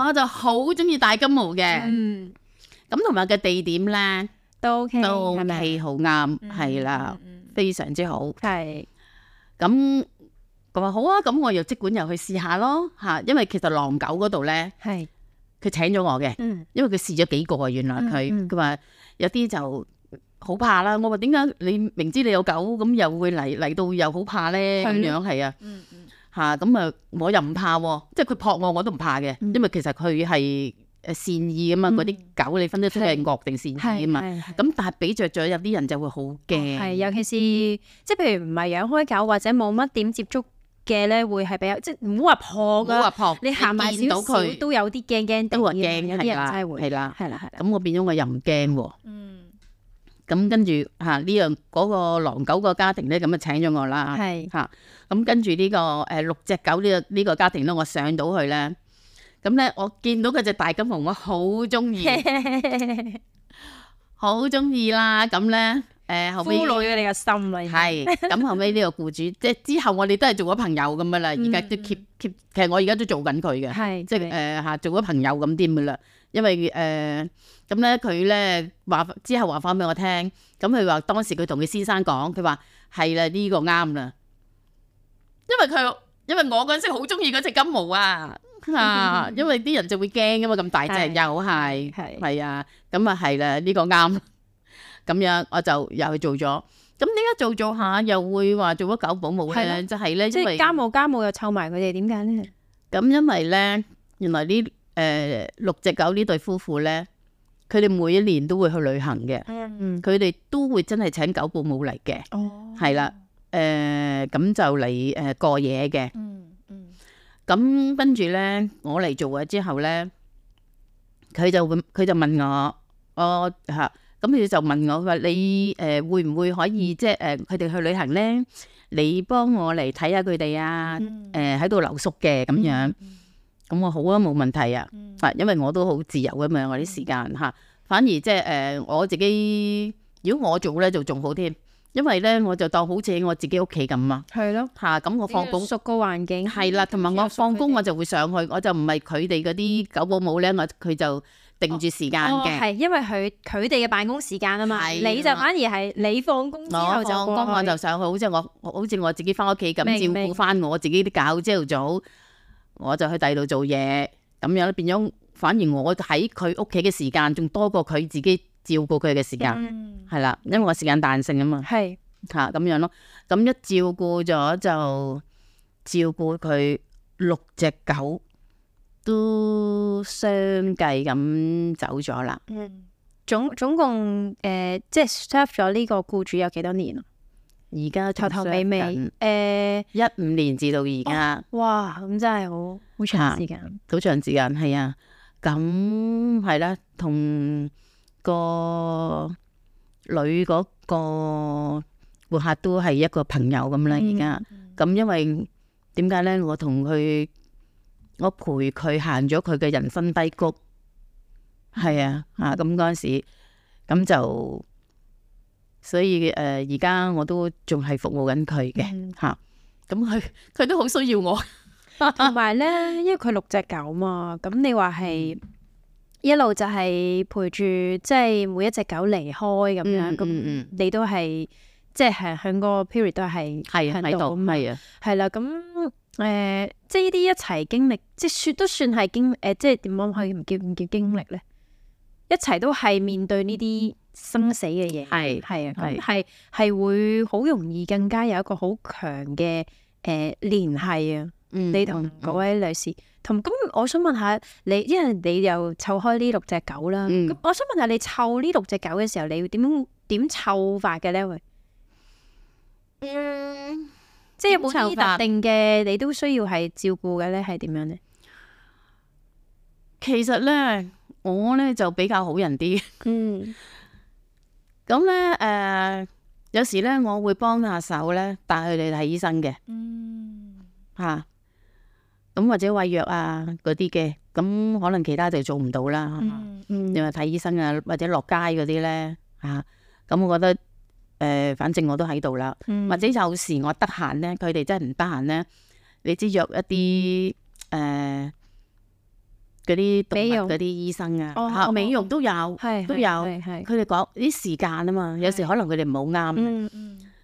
我就好中意大金毛嘅。嗯，咁同埋個地點咧都都 OK 好啱，係啦，非常之好。係咁，佢話好啊，咁我又即管又去試下咯吓，因為其實狼狗嗰度咧係。佢請咗我嘅，因為佢試咗幾個啊，原來佢佢話有啲就好怕啦。我話點解你明知你有狗咁又會嚟嚟到又好怕咧？咁樣係、嗯嗯、啊，吓，咁啊我又唔怕喎，即係佢撲我我都唔怕嘅，因為其實佢係誒善意啊嘛。嗰啲、嗯、狗你分得出係惡定善意啊嘛。咁但係俾着咗有啲人就會好驚，係尤其是即係、嗯、譬如唔係養開狗或者冇乜點接觸，嘅咧會係比較即係唔好話破㗎，你行埋見到佢都有啲驚驚都話驚，係啦，係啦，係啦。咁我變咗我又唔驚喎。嗯。咁跟住嚇呢樣嗰個狼狗個家庭咧，咁就請咗我啦。係嚇。咁跟住呢個誒六隻狗呢個呢個家庭咧，我上到去咧，咁咧我見到嗰隻大金毛我好中意，好中意啦。咁咧。誒，後尾俘虜咗你個心係咁，後尾呢個雇主，即、就、係、是、之後我哋都係做咗朋友咁噶啦。而家都 keep keep，其實我而家都做緊佢嘅，嗯、即係誒吓做咗朋友咁啲噶啦。因為誒咁咧，佢咧話之後話翻俾我聽，咁佢話當時佢同佢先生講，佢話係啦呢個啱啦，因為佢因為我嗰陣時好中意嗰隻金毛啊，啊， 因為啲人就會驚噶嘛，咁大隻又係係啊，咁啊係啦，呢、這個啱。 咁樣我就又去做咗。咁點解做做下又會話做咗狗保姆咧？的就係咧，即係家務家務又湊埋佢哋，點解咧？咁因為咧，原來呢誒、呃、六隻狗呢對夫婦咧，佢哋每一年都會去旅行嘅。佢哋、嗯、都會真係請狗保姆嚟嘅。哦，係啦，誒、呃、咁就嚟誒過夜嘅、嗯。嗯咁跟住咧，我嚟做咗之後咧，佢就會佢就問我，我嚇。啊啊咁佢就問我話：你誒、呃、會唔會可以即係誒佢哋去旅行咧？你幫我嚟睇下佢哋啊！誒喺度留宿嘅咁樣，咁樣。咁我好啊，冇問題啊。係因為我都好自由咁樣，我啲時間嚇，反而即係誒我自己，如果我做咧就仲好添。因為咧，我就當好似我自己屋企咁啊，係咯，嚇咁我放工熟個環境係啦，同埋我放工我就會上去，嗯、我就唔係佢哋嗰啲狗保姆咧，嗯、我佢就定住時間嘅，係、哦、因為佢佢哋嘅辦公時間啊嘛，的你就反而係你放工之後就放工我，我就上去，好似我好似我自己返屋企咁照顧返我，自己啲狗，朝早我就去第二度做嘢，咁樣咧變咗反而我喺佢屋企嘅時間仲多過佢自己。照顧佢嘅時間係啦、嗯，因為我時間彈性啊嘛，係吓是，咁、啊、樣咯。咁一照顧咗就照顧佢六隻狗都相繼咁走咗啦、嗯。總總共誒、呃，即係 s t a p 咗呢個雇主有幾多年啊？而家頭頭尾尾誒一五年至到而家、哦，哇！咁真係好好長時間，好長時間係啊。咁係啦，同、嗯。嗯嗯嗯個女嗰個顧客都係一個朋友咁啦，而家咁因為點解咧？我同佢我陪佢行咗佢嘅人生低谷，係啊、嗯、啊咁嗰陣時，咁就所以誒而家我都仲係服務緊佢嘅吓，咁佢佢都好需要我，同埋咧，因為佢六隻狗嘛，咁你話係。一路就係陪住、嗯嗯嗯，即係每一隻狗離開咁樣，咁你都係即係喺嗰個 period 都係係喺度，係啊，係啦，咁誒、呃，即係呢啲一齊經歷，即係算都算係經歷，誒、呃，即係點樣去唔叫唔叫經歷咧？一齊都係面對呢啲生死嘅嘢。係係啊，係係會好容易更加有一個好強嘅誒聯繫啊。你同嗰位女士，嗯嗯、同咁，我想問下你，因為你又湊開呢六隻狗啦。咁，嗯，我想問下你湊呢六隻狗嘅時候，你會點點湊法嘅咧？嗯，即係有冇啲特定嘅？你都需要係照顧嘅咧，係點樣呢？其實咧，我咧就比較好人啲。咁 咧，嗯，誒、呃，有時咧我會幫下手咧，帶佢哋睇醫生嘅。吓，嗯。嗯咁或者餵藥啊嗰啲嘅，咁可能其他就做唔到啦。係嘛？你話睇醫生啊，或者落街嗰啲咧，吓咁我覺得誒，反正我都喺度啦。或者有時我得閒咧，佢哋真係唔得閒咧，你知約一啲誒嗰啲動物嗰啲醫生啊，吓美容都有，都有，佢哋講啲時間啊嘛，有時可能佢哋唔好啱。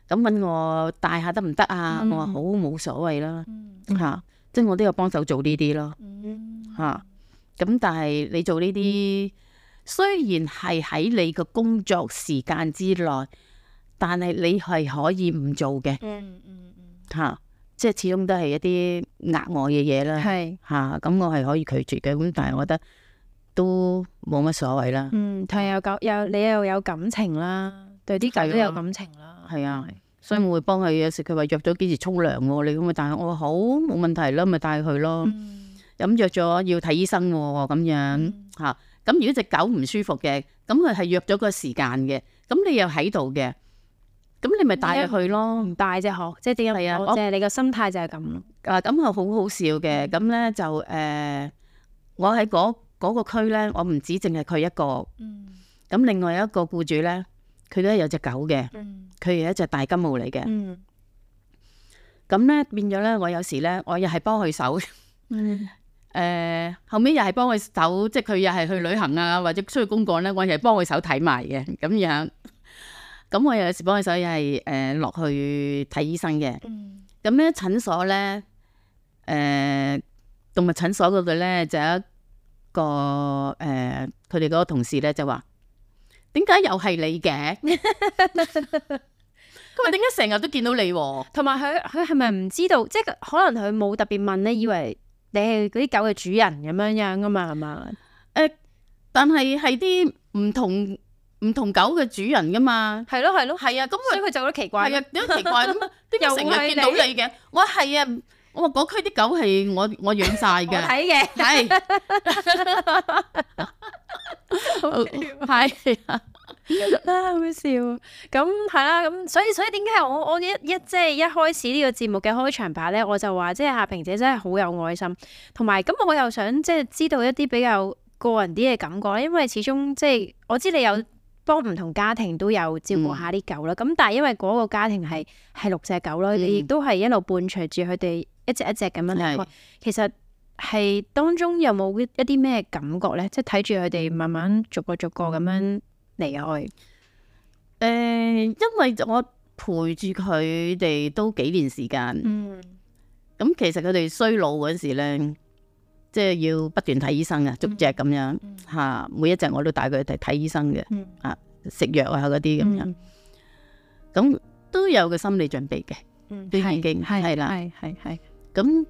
咁問我帶下得唔得啊？我話好冇所謂啦，吓。即係我都有幫手做呢啲咯，吓咁、嗯啊、但係你做呢啲，嗯、雖然係喺你嘅工作時間之內，但係你係可以唔做嘅，吓、嗯嗯嗯啊、即係始終都係一啲額外嘅嘢啦，係吓，咁我係可以拒絕嘅，咁但係我覺得都冇乜所謂啦。嗯，同又感你又有感情啦，對啲狗都有感情啦，係、嗯、啊。所以我會幫佢，有時佢話約咗幾時沖涼喎，你咁咪帶，我話好，冇問題啦，咪帶佢去咯。咁約咗要睇醫生喎，咁樣嚇。咁如果隻狗唔舒服嘅，咁佢係約咗個時間嘅，咁你又喺度嘅，咁你咪帶佢去咯，唔帶啫呵，即係點解你啊，即係我我你個心態就係咁咯。啊，咁係好好笑嘅。咁咧就誒、呃，我喺嗰嗰個區咧，我唔止淨係佢一個。嗯。咁另外有一個僱主咧。佢都有隻狗嘅，佢係一隻大金毛嚟嘅。咁咧、嗯、變咗咧，我有時咧，我又係幫佢手。誒、 呃，後尾又係幫佢手，即係佢又係去旅行啊，或者出去公幹咧，我又係幫佢手睇埋嘅咁樣。咁 我有時幫佢手，又係誒落去睇醫生嘅。咁咧診所咧，誒、呃、動物診所嗰度咧就有、是、一個誒，佢哋嗰個同事咧就話。點解又係你嘅？佢話，點解成日都見到你？同埋佢佢係咪唔知道？即係可能佢冇特別問咧，以為你係嗰啲狗嘅主人咁樣樣啊嘛？係嘛？誒，但係係啲唔同唔同狗嘅主人噶嘛？係咯係咯，係啊！咁所以佢就覺得奇怪啊！點奇怪咁？點解又成日見到你嘅？我係啊。哦、我話嗰區啲狗係我我養晒嘅，睇嘅睇，係啊，好笑咁係啦，咁所以所以點解我我一一即係一開始呢個節目嘅開場白咧，我就話即係夏萍姐真係好有愛心，同埋咁我又想即係知道一啲比較個人啲嘅感覺咧，因為始終即係我知你有。嗯多唔同家庭都有照顧下啲狗啦，咁、嗯、但係因為嗰個家庭係係六隻狗啦，佢哋、嗯、亦都係一路伴隨住佢哋一隻一隻咁樣。係是，其實係當中有冇一啲咩感覺呢？即係睇住佢哋慢慢逐個逐個咁樣離開。誒、嗯呃，因為我陪住佢哋都幾年時間，咁、嗯、其實佢哋衰老嗰時呢。即係要不斷睇醫生啊，逐隻咁樣吓，每一隻我都帶佢嚟睇醫生嘅，啊食藥啊嗰啲咁樣，咁都有個心理準備嘅，已經係啦，係係係，咁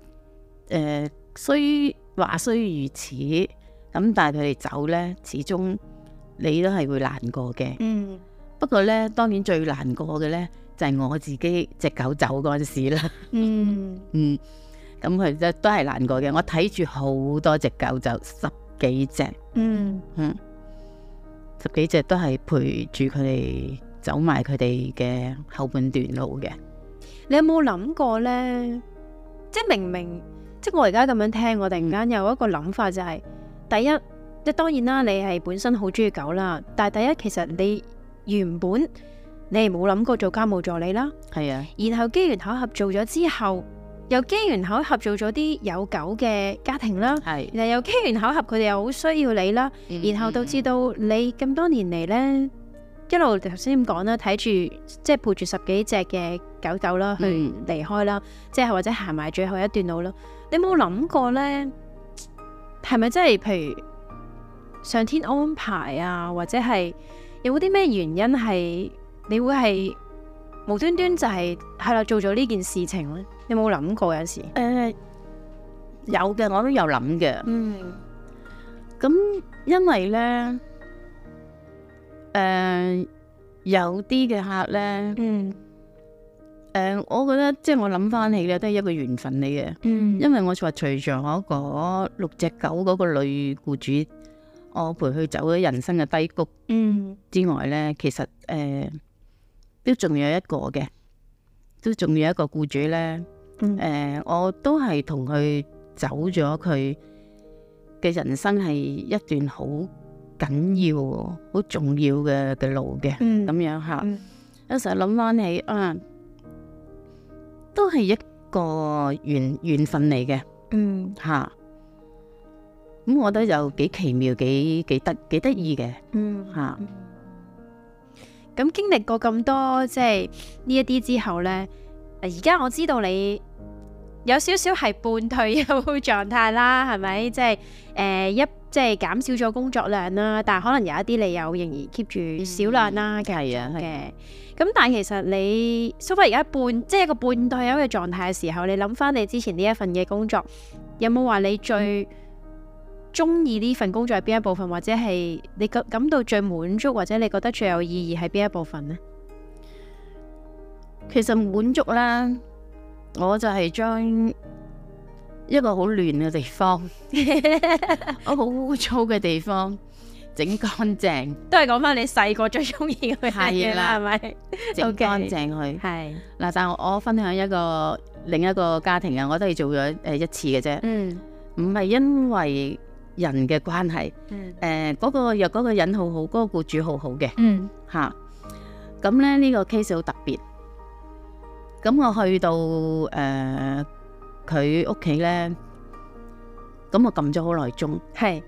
誒雖話雖如此，咁但係佢哋走咧，始終你都係會難過嘅。嗯，不過咧，當然最難過嘅咧，就係我自己隻狗走嗰陣時啦。嗯嗯。咁佢都都係難過嘅，我睇住好多隻狗，就十幾隻，嗯嗯，十幾隻都係陪住佢哋走埋佢哋嘅後半段路嘅。你有冇諗過呢？即係明明，即係我而家咁樣聽，我突然間有一個諗法，就係，就係第一，即係當然啦，你係本身好中意狗啦，但係第一，其實你原本你冇諗過做家務助理啦，係啊，然後機緣巧合做咗之後。有機緣巧合做咗啲有狗嘅家庭啦，係是，然後有機緣巧合佢哋又好需要你啦，mm hmm. 然後導致到你咁多年嚟咧，一路頭先咁講啦，睇住即係陪住十幾隻嘅狗狗啦，去離開啦，即係、mm hmm. 或者行埋最後一段路咯。你冇諗過咧？係咪真係，譬如上天安排啊，或者係有冇啲咩原因係你會係無端端就係係啦，做咗呢件事情咧？你有冇諗過有時？誒、呃，有嘅，我都有諗嘅。嗯。咁因為咧，誒、呃，有啲嘅客咧，嗯。誒、呃，我覺得即係我諗翻起咧，都係一個緣分嚟嘅。嗯。因為我話除咗嗰個六隻狗嗰個女雇主，我陪佢走咗人生嘅低谷。嗯。之外咧，其實誒、呃，都仲有一個嘅，都仲有一個雇主咧。誒、嗯呃，我都係同佢走咗，佢嘅人生係一段好緊要、好重要嘅嘅路嘅，咁樣吓。有時諗翻起，啊，都係一個緣緣分嚟嘅，嗯，吓。咁、嗯嗯啊、我覺得又幾奇妙、幾幾得、幾得意嘅，嗯、吓、嗯。咁經歷過咁多即係呢一啲之後呢，而家我知道你。有少少係半退休狀態啦，係咪？即係誒、呃，一即係減少咗工作量啦，但係可能有一啲理由仍然 keep 住少量啦，係啊、嗯。咁、嗯、但係其實你，so 而家半即係一個半退休嘅狀態嘅時候，你諗翻你之前呢一份嘅工作，有冇話你最中意呢份工作係邊一部分，或者係你感感到最滿足，或者你覺得最有意義係邊一部分呢？其實滿足啦。我就係將一個好亂嘅地方，我好污糟嘅地方整乾淨， 都係講翻你細個最中意去嘅嘢啦，係咪了？整 乾淨佢。係嗱，但係我分享一個另一個家庭啊，我都係做咗誒一次嘅啫。嗯，唔係因為人嘅關係。嗯。誒、呃，嗰、嗰個、個人好好，嗰、嗰個僱主好好嘅。嗯。嚇、啊！咁咧呢、呢個 case 好特別。咁我去到誒佢屋企咧，咁、呃、我撳咗好耐鐘，係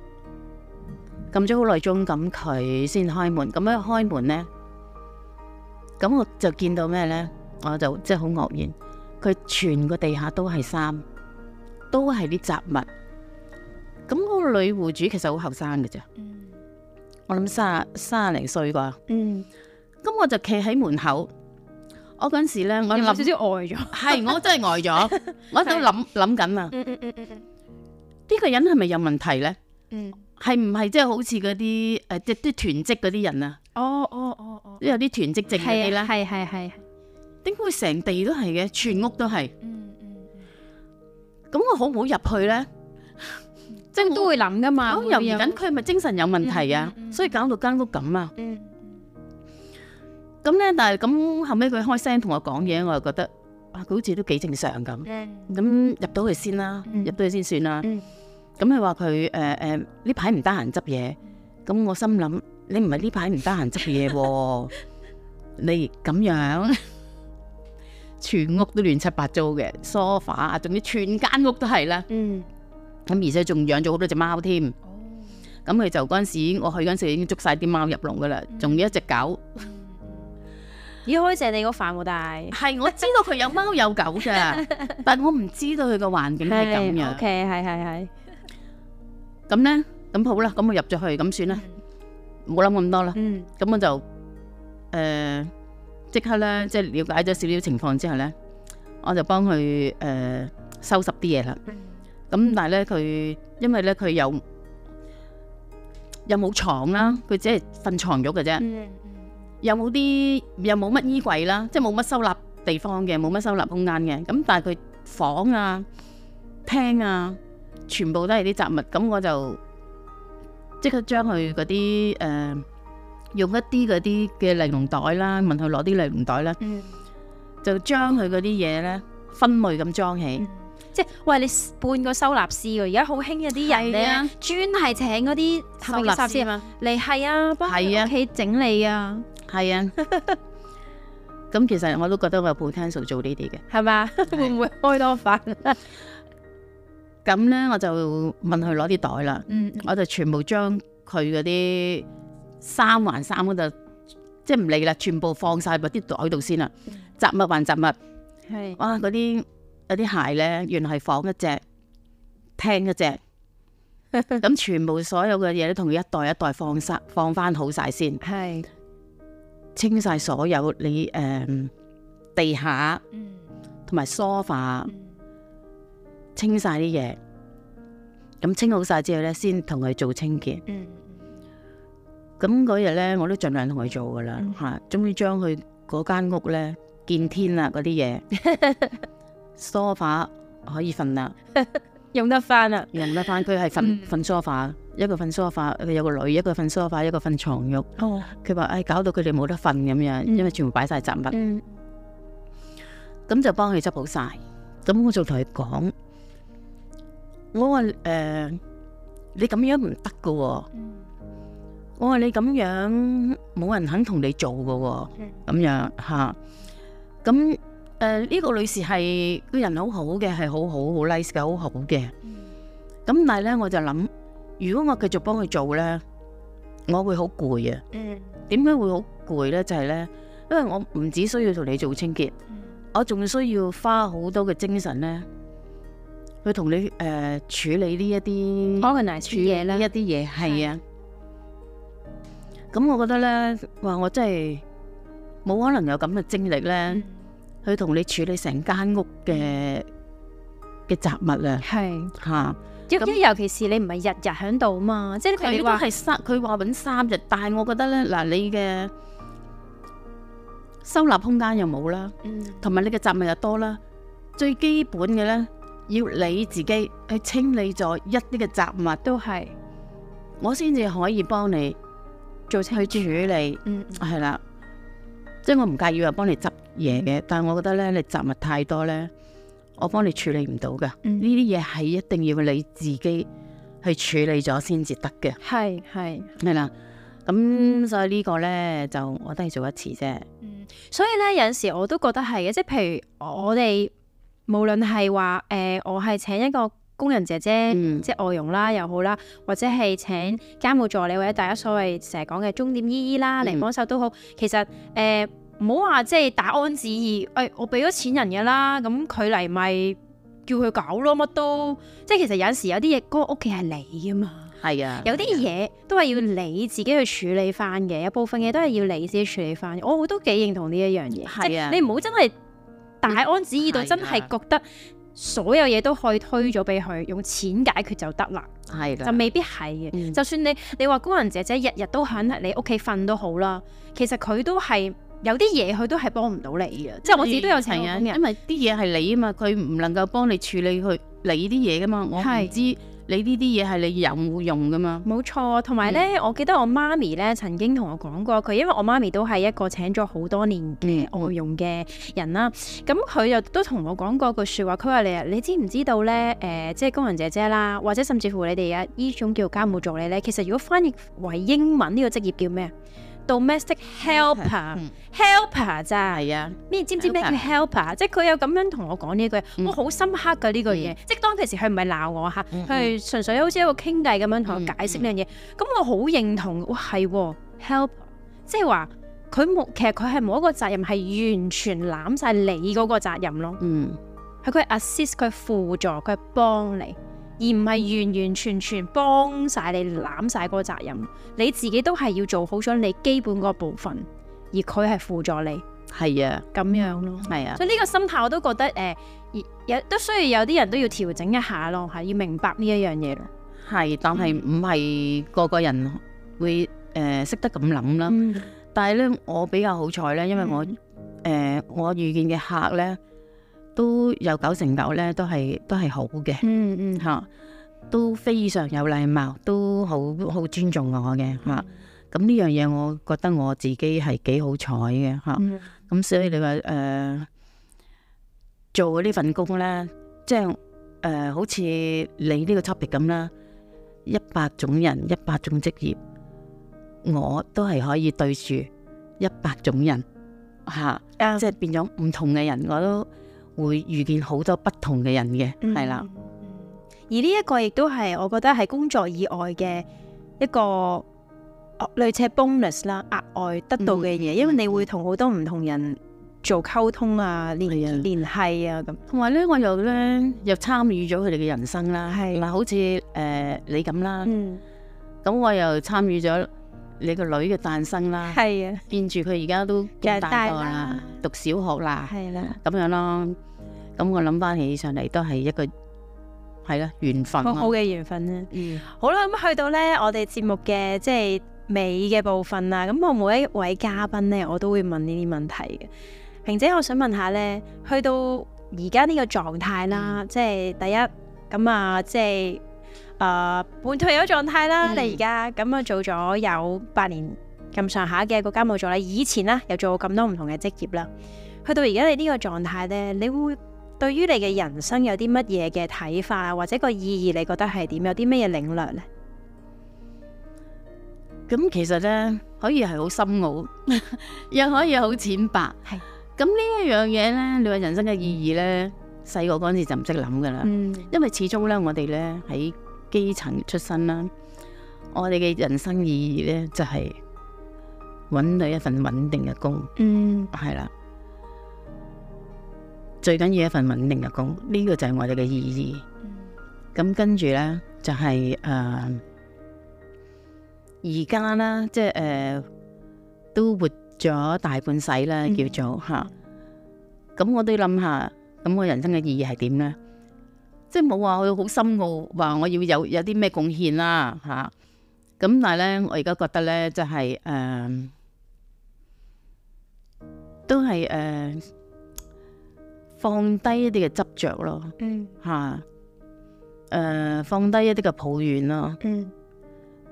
撳咗好耐鐘，咁佢先開門。咁一開門咧，咁我就見到咩咧？我就即係好愕然，佢、就是、全個地下都係衫，都係啲雜物。咁個女戶主其實好後生嘅啫，我諗卅卅零歲啩。嗯，咁我就企喺門口。我嗰陣時咧，我諗少少呆咗，係我真係呆咗，我都諗諗緊啊，呢個人係咪有問題咧？係唔係即係好似嗰啲誒，即係啲囤積嗰啲人啊？哦哦哦哦，有啲囤積症嗰啲咧，係係係，點解會成地都係嘅，全屋都係。嗯嗯，咁我好唔好入去咧？即係都會諗噶嘛，咁入緊佢咪精神有問題啊？所以搞到間屋咁啊。咁咧，但係咁後尾佢開聲同我講嘢，我又覺得啊，佢好似都幾正常咁。咁入到去先啦，入到去先算啦。咁佢話佢誒誒呢排唔得閒執嘢，咁、呃嗯、我心諗你唔係呢排唔得閒執嘢喎，你咁、啊、 樣 全屋都亂七八糟嘅梳化，f a 啊，仲要全間屋都係啦。咁、嗯、而且仲養咗好多隻貓添，咁佢就嗰陣時我去嗰陣時已經捉晒啲貓入籠噶啦，仲有、哦嗯、一隻狗。要開謝你個飯喎，但係係我知道佢有貓有狗噶， 但係我唔知道佢個環境係咁樣。O K 係係係，咁咧咁好啦，咁我入咗去咁算啦，唔好諗咁多啦。嗯，咁、嗯、我就誒即、呃、刻咧，即係了解咗少少情況之後咧，我就幫佢誒收拾啲嘢啦。咁、嗯、但係咧，佢因為咧佢有有冇床啦，佢只係瞓床咗嘅啫。嗯嗯有冇啲？有冇乜衣櫃啦？即係冇乜收納地方嘅，冇乜收納空間嘅。咁但係佢房啊、廳啊，全部都係啲雜物。咁我就即刻將佢嗰啲誒用一啲嗰啲嘅尼龍袋啦，問佢攞啲尼龍袋啦，嗯、就將佢嗰啲嘢咧分類咁裝起，嗯。即係喂，你半個收納師喎，而家好興有啲人咧，啊、專係請嗰啲收納師嚟係啊，幫屋企整理啊。 係啊，咁其實我都覺得我有 potential 做呢啲嘅，係嘛？會唔會開多份？咁咧我就問佢攞啲袋啦，我就全部將佢嗰啲衫還衫嗰度，即係唔理啦，全部放曬入啲袋度先啦。雜物還雜物，係哇嗰啲有啲鞋咧，原來係房一隻，廳一隻，咁全部所有嘅嘢都同佢一袋一袋放曬，放翻好曬先，係。清晒所有你誒、呃、地下，同埋梳化，清晒啲嘢。咁清好晒之後咧，先同佢做清潔。咁嗰日咧，那那我都盡量同佢做噶啦，嚇、嗯啊！終於將佢嗰間屋咧見天啦，嗰啲嘢梳化可以瞓啦， 用得翻啦，用得翻，佢係瞓瞓梳化。嗯一個瞓梳化，有個女，一個瞓梳化，一個瞓床褥。哦，佢話，哎，搞到佢哋冇得瞓咁樣，因為全部擺晒雜物。嗯、mm.，咁就幫佢執好晒。咁我就同佢講，我話誒、呃，你咁樣唔得噶。嗯、mm.，我話你咁樣冇人肯同你做噶、哦。嗯，咁樣吓，咁誒呢個女士係個人好好嘅，係好好好 nice 嘅，好好嘅。嗯、咁、mm. 但係咧，我就諗。如果我繼續幫佢做咧，我會好攰啊！點解、嗯、會好攰咧？就係、是、咧，因為我唔只需要同你做清潔，嗯、我仲需要花好多嘅精神咧，去同你誒、呃、處理呢一啲處理呢一啲嘢係啊。咁是我覺得咧，話，我真係冇可能有咁嘅精力咧，嗯、去同你處理成間屋嘅嘅、嗯、雜物啊，係吓是。咁尤其是你唔係日日喺度嘛，即係佢都係三，佢話搵三日，但係我覺得咧，嗱你嘅收納空間又冇啦，同埋、嗯、你嘅雜物又多啦，最基本嘅咧，要你自己去清理咗一啲嘅雜物都係是，我先至可以幫你做清去處理，嗯，係啦，即係我唔介意話幫你執嘢嘅，嗯、但係我覺得咧，你雜物太多咧。我幫你處理唔到㗎，呢啲嘢係一定要你自己去處理咗先至得嘅。係係，係啦。咁所以呢個呢，就我都係做一次啫、嗯。所以呢，有陣時我都覺得係嘅，即係譬如我哋無論係話誒，我係請一個工人姐姐，即係外傭啦又好啦，或者係請家務助理，或者大家所謂成日講嘅鐘點姨姨啦嚟幫手都好，嗯、其實誒。呃唔好話，即係大安旨意，誒、哎，我俾咗錢人嘅啦，咁佢嚟咪叫佢搞咯，乜都即係其實有陣時有啲嘢，個屋企係你噶嘛，係啊的，有啲嘢都係要你自己去處理翻嘅，有部分嘢都係要你自己處理翻。我都幾認同呢一樣嘢，係的你唔好真係大安旨意到，真係覺得所有嘢都可以推咗俾佢用錢解決就得啦，係的就未必係嘅。嗯、就算你你話工人姐姐日日都肯響你屋企瞓都好啦，其實佢都係。有啲嘢佢都係幫唔到你嘅，是即係我自己都有請人，嘅。因為啲嘢係你啊嘛，佢唔能夠幫你處理佢你啲嘢噶嘛，我唔知你呢啲嘢係你有冇用噶嘛。冇錯，同埋咧，嗯、我記得我媽咪咧曾經同我講過，佢因為我媽咪都係一個請咗好多年嘅外傭嘅人啦，咁佢又都同我講過句説話，佢話你啊，你知唔知道咧？誒、呃，即係工人姐姐啦，或者甚至乎你哋啊，呢種叫家務助理咧，其實如果翻譯為英文呢、呢個職業叫咩啊？Domestic helper，helper 咋？係啊，咩的知唔知咩叫 helper？即係佢有咁樣同我講呢句，嗯、我好深刻噶呢句嘢。嗯、即係當其時佢唔係鬧我嚇，佢係、嗯、純粹好似一個傾偈咁樣同我解釋呢、嗯嗯、樣嘢。咁我好認同，哇係，helper，即係話佢冇，其實佢係冇一個責任，係完全攬晒你嗰個責任咯。嗯，係佢 assist，佢輔助，佢幫你。而唔係完完全全幫晒你攬晒嗰個責任，你自己都係要做好咗你基本嗰部分，而佢係輔助你。係啊，咁樣咯，係啊。所以呢個心態我都覺得誒、呃，有都需要有啲人都要調整一下咯，吓要明白呢一樣嘢咯。係，但係唔係個個人會誒識、呃、得咁諗啦。嗯、但係咧，我比較好彩咧，因為我誒、嗯呃、我遇見嘅客咧。都有九成九咧，都係都係好嘅、嗯。嗯嗯嚇，都非常有禮貌，都好好尊重我嘅嚇。咁呢、嗯、樣嘢，我覺得我自己係幾好彩嘅嚇。咁、嗯嗯、所以你話誒、呃、做呢份工咧，即係誒、呃、好似你呢個 topic 咁啦，一百種人，一百種職業，我都係可以對住一百種人嚇，嗯、即係變咗唔同嘅人我都。會遇見好多不同嘅人嘅，係啦、嗯。而呢一個亦都係，我覺得係工作以外嘅一個類似 bonus 啦，額外得到嘅嘢。嗯、因為你會同好多唔同人做溝通啊、聯聯繫啊咁。同埋咧，我又咧又參與咗佢哋嘅人生啦，係嗱的，好似誒你咁啦。嗯，咁我又參與咗。你個女嘅誕生啦，係啊，見住佢而家都大啦，大讀小學啦，係啦、啊，咁樣咯，咁我諗翻起上嚟都係一個係啦緣分，好好嘅緣分啦。嗯，好啦，咁去到咧我哋節目嘅即係尾嘅部分啊，咁我每一位嘉賓咧，我都會問呢啲問題嘅。萍姐，我想問下咧，去到而家呢個狀態啦，即係、嗯、第一咁啊，即係、就是。誒，半、uh，退休狀態啦。你而家咁啊，做咗有八年咁上下嘅家務助理。以前啦，又做過咁多唔同嘅職業啦。去到而家你呢個狀態咧，你會對於你嘅人生有啲乜嘢嘅睇法啊？或者個意義你覺得係點？有啲乜嘢領略呢？咁其實呢，可以係好深奧， 又可以好淺白。係咁呢一樣嘢呢，你話人生嘅意義呢，細個嗰陣時就唔識諗噶啦。嗯、因為始終呢，我哋呢喺。基層出身啦，我哋嘅人生意義咧就係搵到一份穩定嘅工，嗯，係啦，最緊要一份穩定嘅工，呢、這個就係我哋嘅意義。咁、嗯、跟住咧就係、是、誒，而家咧即係、呃、誒都活咗大半世啦，叫做吓，咁、嗯嗯、我都諗下，咁我人生嘅意義係點咧？即係冇話佢好深奧，話我要有有啲咩貢獻啦吓。咁、啊、但係咧，我而家覺得咧，就係誒，都係誒、呃，放低一啲嘅執着咯。嗯、啊。吓，誒，放低一啲嘅抱怨咯。嗯、啊。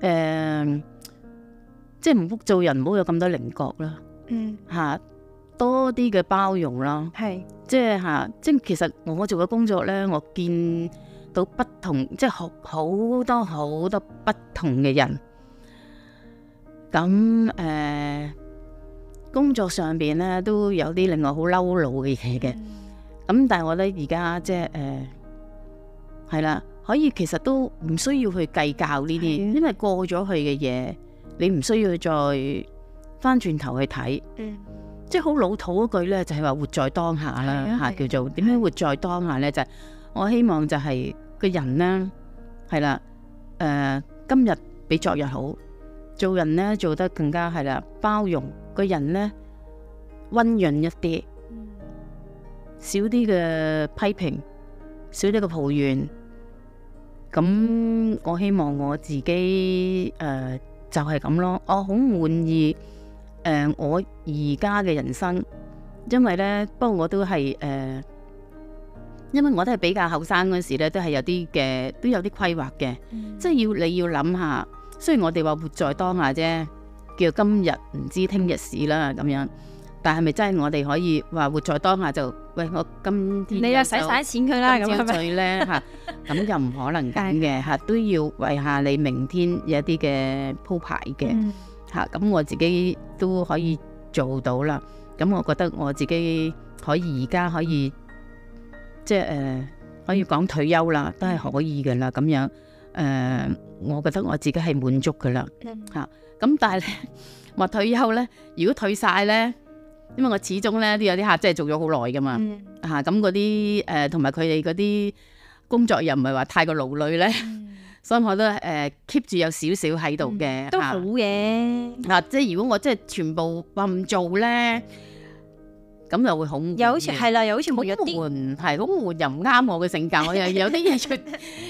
誒、呃，即係唔好做人，唔好有咁多棱角啦。嗯。吓，多啲嘅包容咯。係。即係吓，即其實我做嘅工作咧，我見到不同，即係學好多好多不同嘅人。咁誒、呃，工作上邊咧都有啲令我好嬲惱嘅嘢嘅。咁、嗯、但係我覺得而家即係誒、係、呃、啦，可以其實都唔需要去計較呢啲，的因為過咗去嘅嘢，你唔需要再翻轉頭去睇。嗯即係好老土嗰句咧，就係、是、話活在當下啦嚇，啊、叫做點樣、啊啊、活在當下咧？就係、是、我希望就係個人咧，係啦，誒、呃、今日比昨日好，做人咧做得更加係啦包容，個人咧溫潤一啲，少啲嘅批評，少啲嘅抱怨。咁我希望我自己誒、呃、就係、是、咁咯，我好滿意。誒、呃，我而家嘅人生，因為咧，不過我都係誒、呃，因為我都係比較後生嗰時咧，都係有啲嘅，都有啲規劃嘅，嗯、即係要你要諗下。雖然我哋話活在當下啫，叫今日唔知聽日事啦咁樣，但係咪真係我哋可以話活在當下就？喂，我今天今你又使晒啲錢佢啦咁樣是是，所以咧嚇，咁又唔可能咁嘅嚇，都要為下你明天有一啲嘅鋪排嘅。嗯。嚇！咁、嗯、我自己都可以做到啦。咁、嗯、我覺得我自己可以而家可以即係誒、呃，可以講退休啦，都係可以嘅啦。咁樣誒、呃，我覺得我自己係滿足嘅啦。嚇、嗯！咁但係咧話退休咧，如果退晒咧，因為我始終咧都有啲客即係做咗好耐㗎嘛。嚇！咁嗰啲誒，同埋佢哋嗰啲工作又唔係話太過勞累咧。所以我都誒 keep 住有少少喺度嘅，都好嘅。嗱、啊，即係如果我即係全部唔做咧，咁就有好會有好有。又好似係啦，又好似冇一啲，係好悶，悶又唔啱我嘅性格， 我又有啲嘢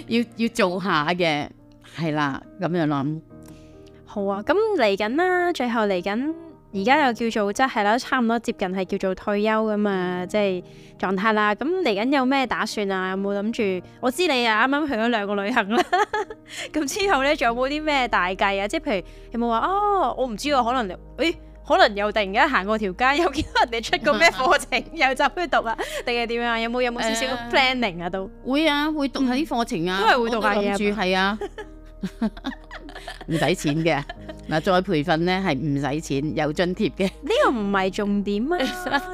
要要，要做下嘅，係啦，咁樣咯。好啊，咁嚟緊啦，最後嚟緊。而家又叫做即係啦，差唔多接近係叫做退休咁啊，即係狀態啦。咁嚟緊有咩打算啊？有冇諗住？我知你啊，啱啱去咗兩個旅行啦、啊。咁 之後咧，仲有冇啲咩大計啊？即係譬如有冇話哦，我唔知啊，可能誒、欸，可能又突然間行過條街，又見到人哋出過咩課程， 又走去讀啊？定係點樣啊？有冇有冇少少嘅 planning 啊？都、啊、會啊，會讀下啲課程啊，都係、嗯、會讀下嘢。住啊。唔使 錢嘅，嗱再培訓呢係唔使錢，有津貼嘅。呢個唔係重點啊，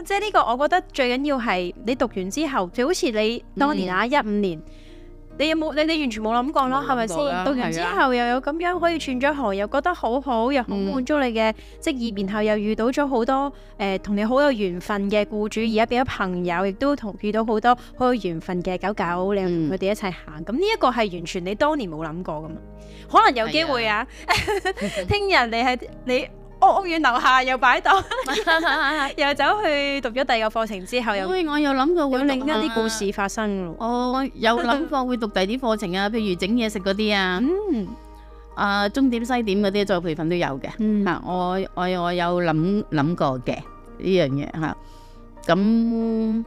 即係呢個我覺得最緊要係你讀完之後，就好似你當年啊一五、嗯、年。你有冇？你你完全冇諗過囉，係咪先？讀完之後的又有咁樣可以轉咗行，又覺得好好，又好滿足你嘅職業，嗯、然後又遇到咗好多誒同、呃、你好有緣分嘅僱主，而家變咗朋友，亦都同遇到好多好有緣分嘅狗狗，你同佢哋一齊行。咁呢一個係完全你當年冇諗過噶嘛？可能有機會啊！聽日你係你。 屋屋苑樓下又擺檔，又走去讀咗第二個課程之後，所以我有諗過會另一啲故事發生咯。哦，有諗過會讀第二啲課程啊，譬如整嘢食嗰啲啊，嗯，啊中點西點嗰啲，再培訓都有嘅。嗯，嗱，我我我有諗諗過嘅呢樣嘢吓，咁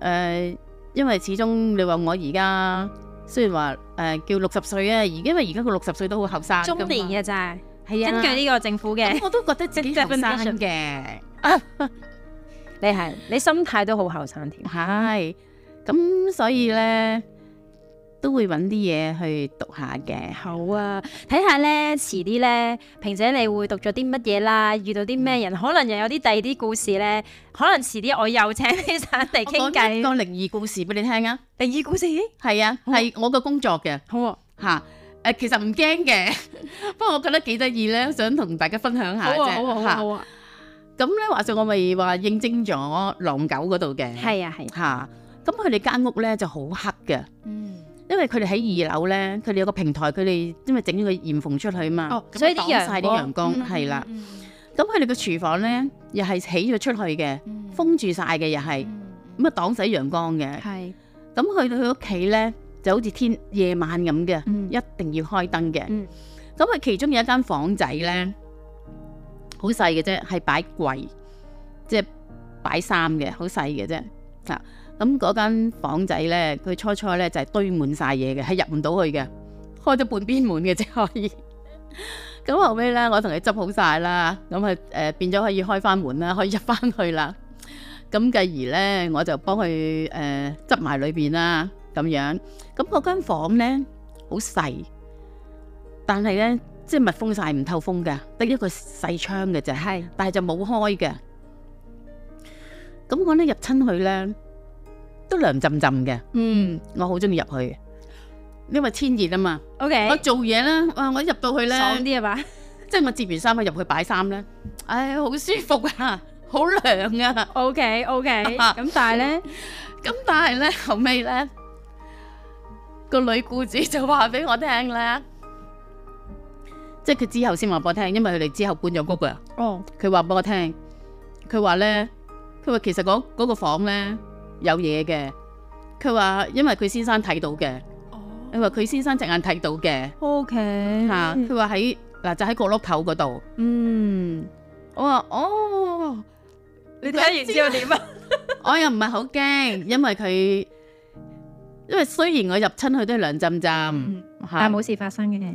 誒，因為始終你話我而家雖然話誒叫六十歲啊，而因為而家佢六十歲都好後生，中年嘅咋？係啊，根據呢個政府嘅，我都覺得自己後生嘅。 你係你心態都好後生添。係，咁所以咧都會揾啲嘢去讀下嘅。好啊，睇下咧，遲啲咧，萍姐你會讀咗啲乜嘢啦？遇到啲咩人？可能又有啲第二啲故事咧。可能遲啲我又請你上嚟傾偈，講靈異故事俾你聽啊！靈異故事，係啊，係我個工作嘅。好嚇。誒，其實唔驚嘅，不過我覺得幾得意咧，想同大家分享下啫。好啊，好啊，好啊。咁咧，話說我咪話應徵咗狼狗嗰度嘅。係啊，係。吓，咁佢哋間屋咧就好黑嘅。嗯。因為佢哋喺二樓咧，佢哋有個平台，佢哋因為整咗個檐篷出去啊嘛，所以擋晒啲陽光。係啦。咁佢哋個廚房咧，又係起咗出去嘅，封住晒嘅，又係咁啊擋死陽光嘅。係。咁去到佢屋企咧。就好似天夜晚咁嘅，嗯、一定要開燈嘅。咁啊、嗯，其中有一間房仔咧，好細嘅啫，係擺櫃，即係擺衫嘅，好細嘅啫。啊，咁嗰間房仔咧，佢初初咧就係、係、堆滿晒嘢嘅，係入唔到去嘅，開咗半邊門嘅啫，可以。咁 後尾咧，我同佢執好晒啦，咁佢誒變咗可以開翻門啦，可以入翻去啦。咁繼而咧，我就幫佢誒執埋裏邊啦。呃咁樣咁嗰間房咧，好細，但係咧即係密封曬，唔透風嘅，得一個細窗嘅啫。係，但係就冇開嘅。咁我咧入親去咧都涼浸浸嘅。嗯，我好鍾意入去，因為天熱啊嘛。O K，我做嘢啦，哇！我入到去咧爽啲啊嘛，即係我折完衫咪入去擺衫咧。唉，好舒服啊，好涼啊。O K，O K，咁但係咧，咁但係咧，後尾咧。個女僱主就話俾我聽咧，即係佢之後先話俾我聽，因為佢哋之後搬咗屋嘅。哦，佢話俾我聽，佢話咧，佢話其實嗰嗰個房咧有嘢嘅。佢話因為佢先生睇到嘅，你話佢先生隻眼睇到嘅。O K，吓，佢話喺嗱就喺角落口嗰度。嗯，我話哦，你睇完之後點啊？ 我又唔係好驚，因為佢。因為雖然我入親去都係涼浸浸，嗯、是但係冇事發生嘅。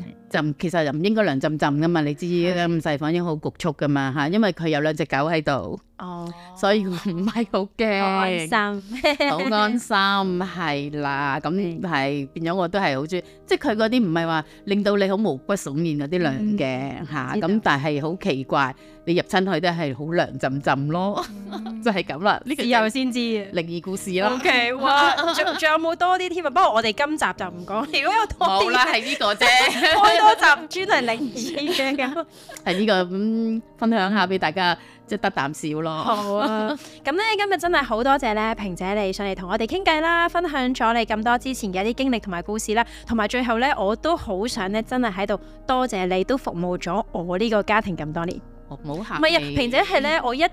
其實就唔應該涼浸浸噶嘛，你知啦，咁細房已經好局促噶嘛嚇，因為佢有兩隻狗喺度，所以唔係好驚，好安心，好安心係啦，咁係變咗我都係好中意。即係佢嗰啲唔係話令到你好毛骨悚然嗰啲涼嘅嚇，咁但係好奇怪，你入親去都係好涼浸浸咯，就係咁啦，試後先知啊，靈異故事啦，OK，哇，仲仲有冇多啲添啊？不過我哋今集就唔講，如果有多啲啦，係呢個啫。 多集專係零二嘅，係呢、 這個咁、嗯、分享下俾大家，即係得啖笑咯。 好啊，咁咧今日真係好多謝咧萍姐你上嚟同我哋傾偈啦，分享咗你咁多之前嘅一啲經歷同埋故事啦，同埋最後咧我都好想咧真係喺度多謝你都服務咗我呢個家庭咁多年。唔好客，唔係啊，萍姐係咧、嗯、我一一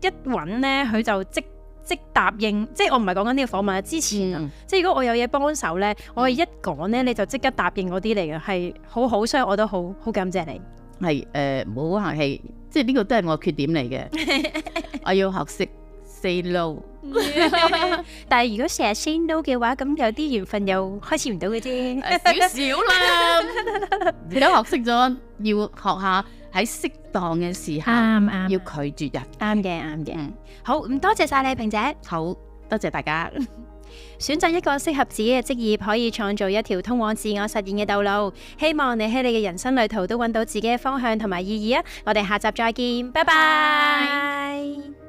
一揾咧佢就即。即答應，即係我唔係講緊呢個訪問啊！之前、嗯、即係如果我有嘢幫手咧，我一講咧你就即刻答應嗰啲嚟嘅，係好好，所以我都好好感謝你。係誒，唔好客氣，即係呢個都係我缺點嚟嘅， 我要學識 say no。 但係如果成日 say no 嘅話，咁有啲緣分又開始唔到嘅啫，少 少、呃、啦。而家學識咗，要學下。喺適當嘅時候，啱啱對要拒絕人，啱嘅啱嘅。好，唔多謝晒你，萍姐。好多謝大家選擇一個適合自己嘅職業，可以創造一條通往自我實現嘅道路。希望你喺你嘅人生旅途都揾到自己嘅方向同埋意義啊！我哋下集再見，拜拜。拜拜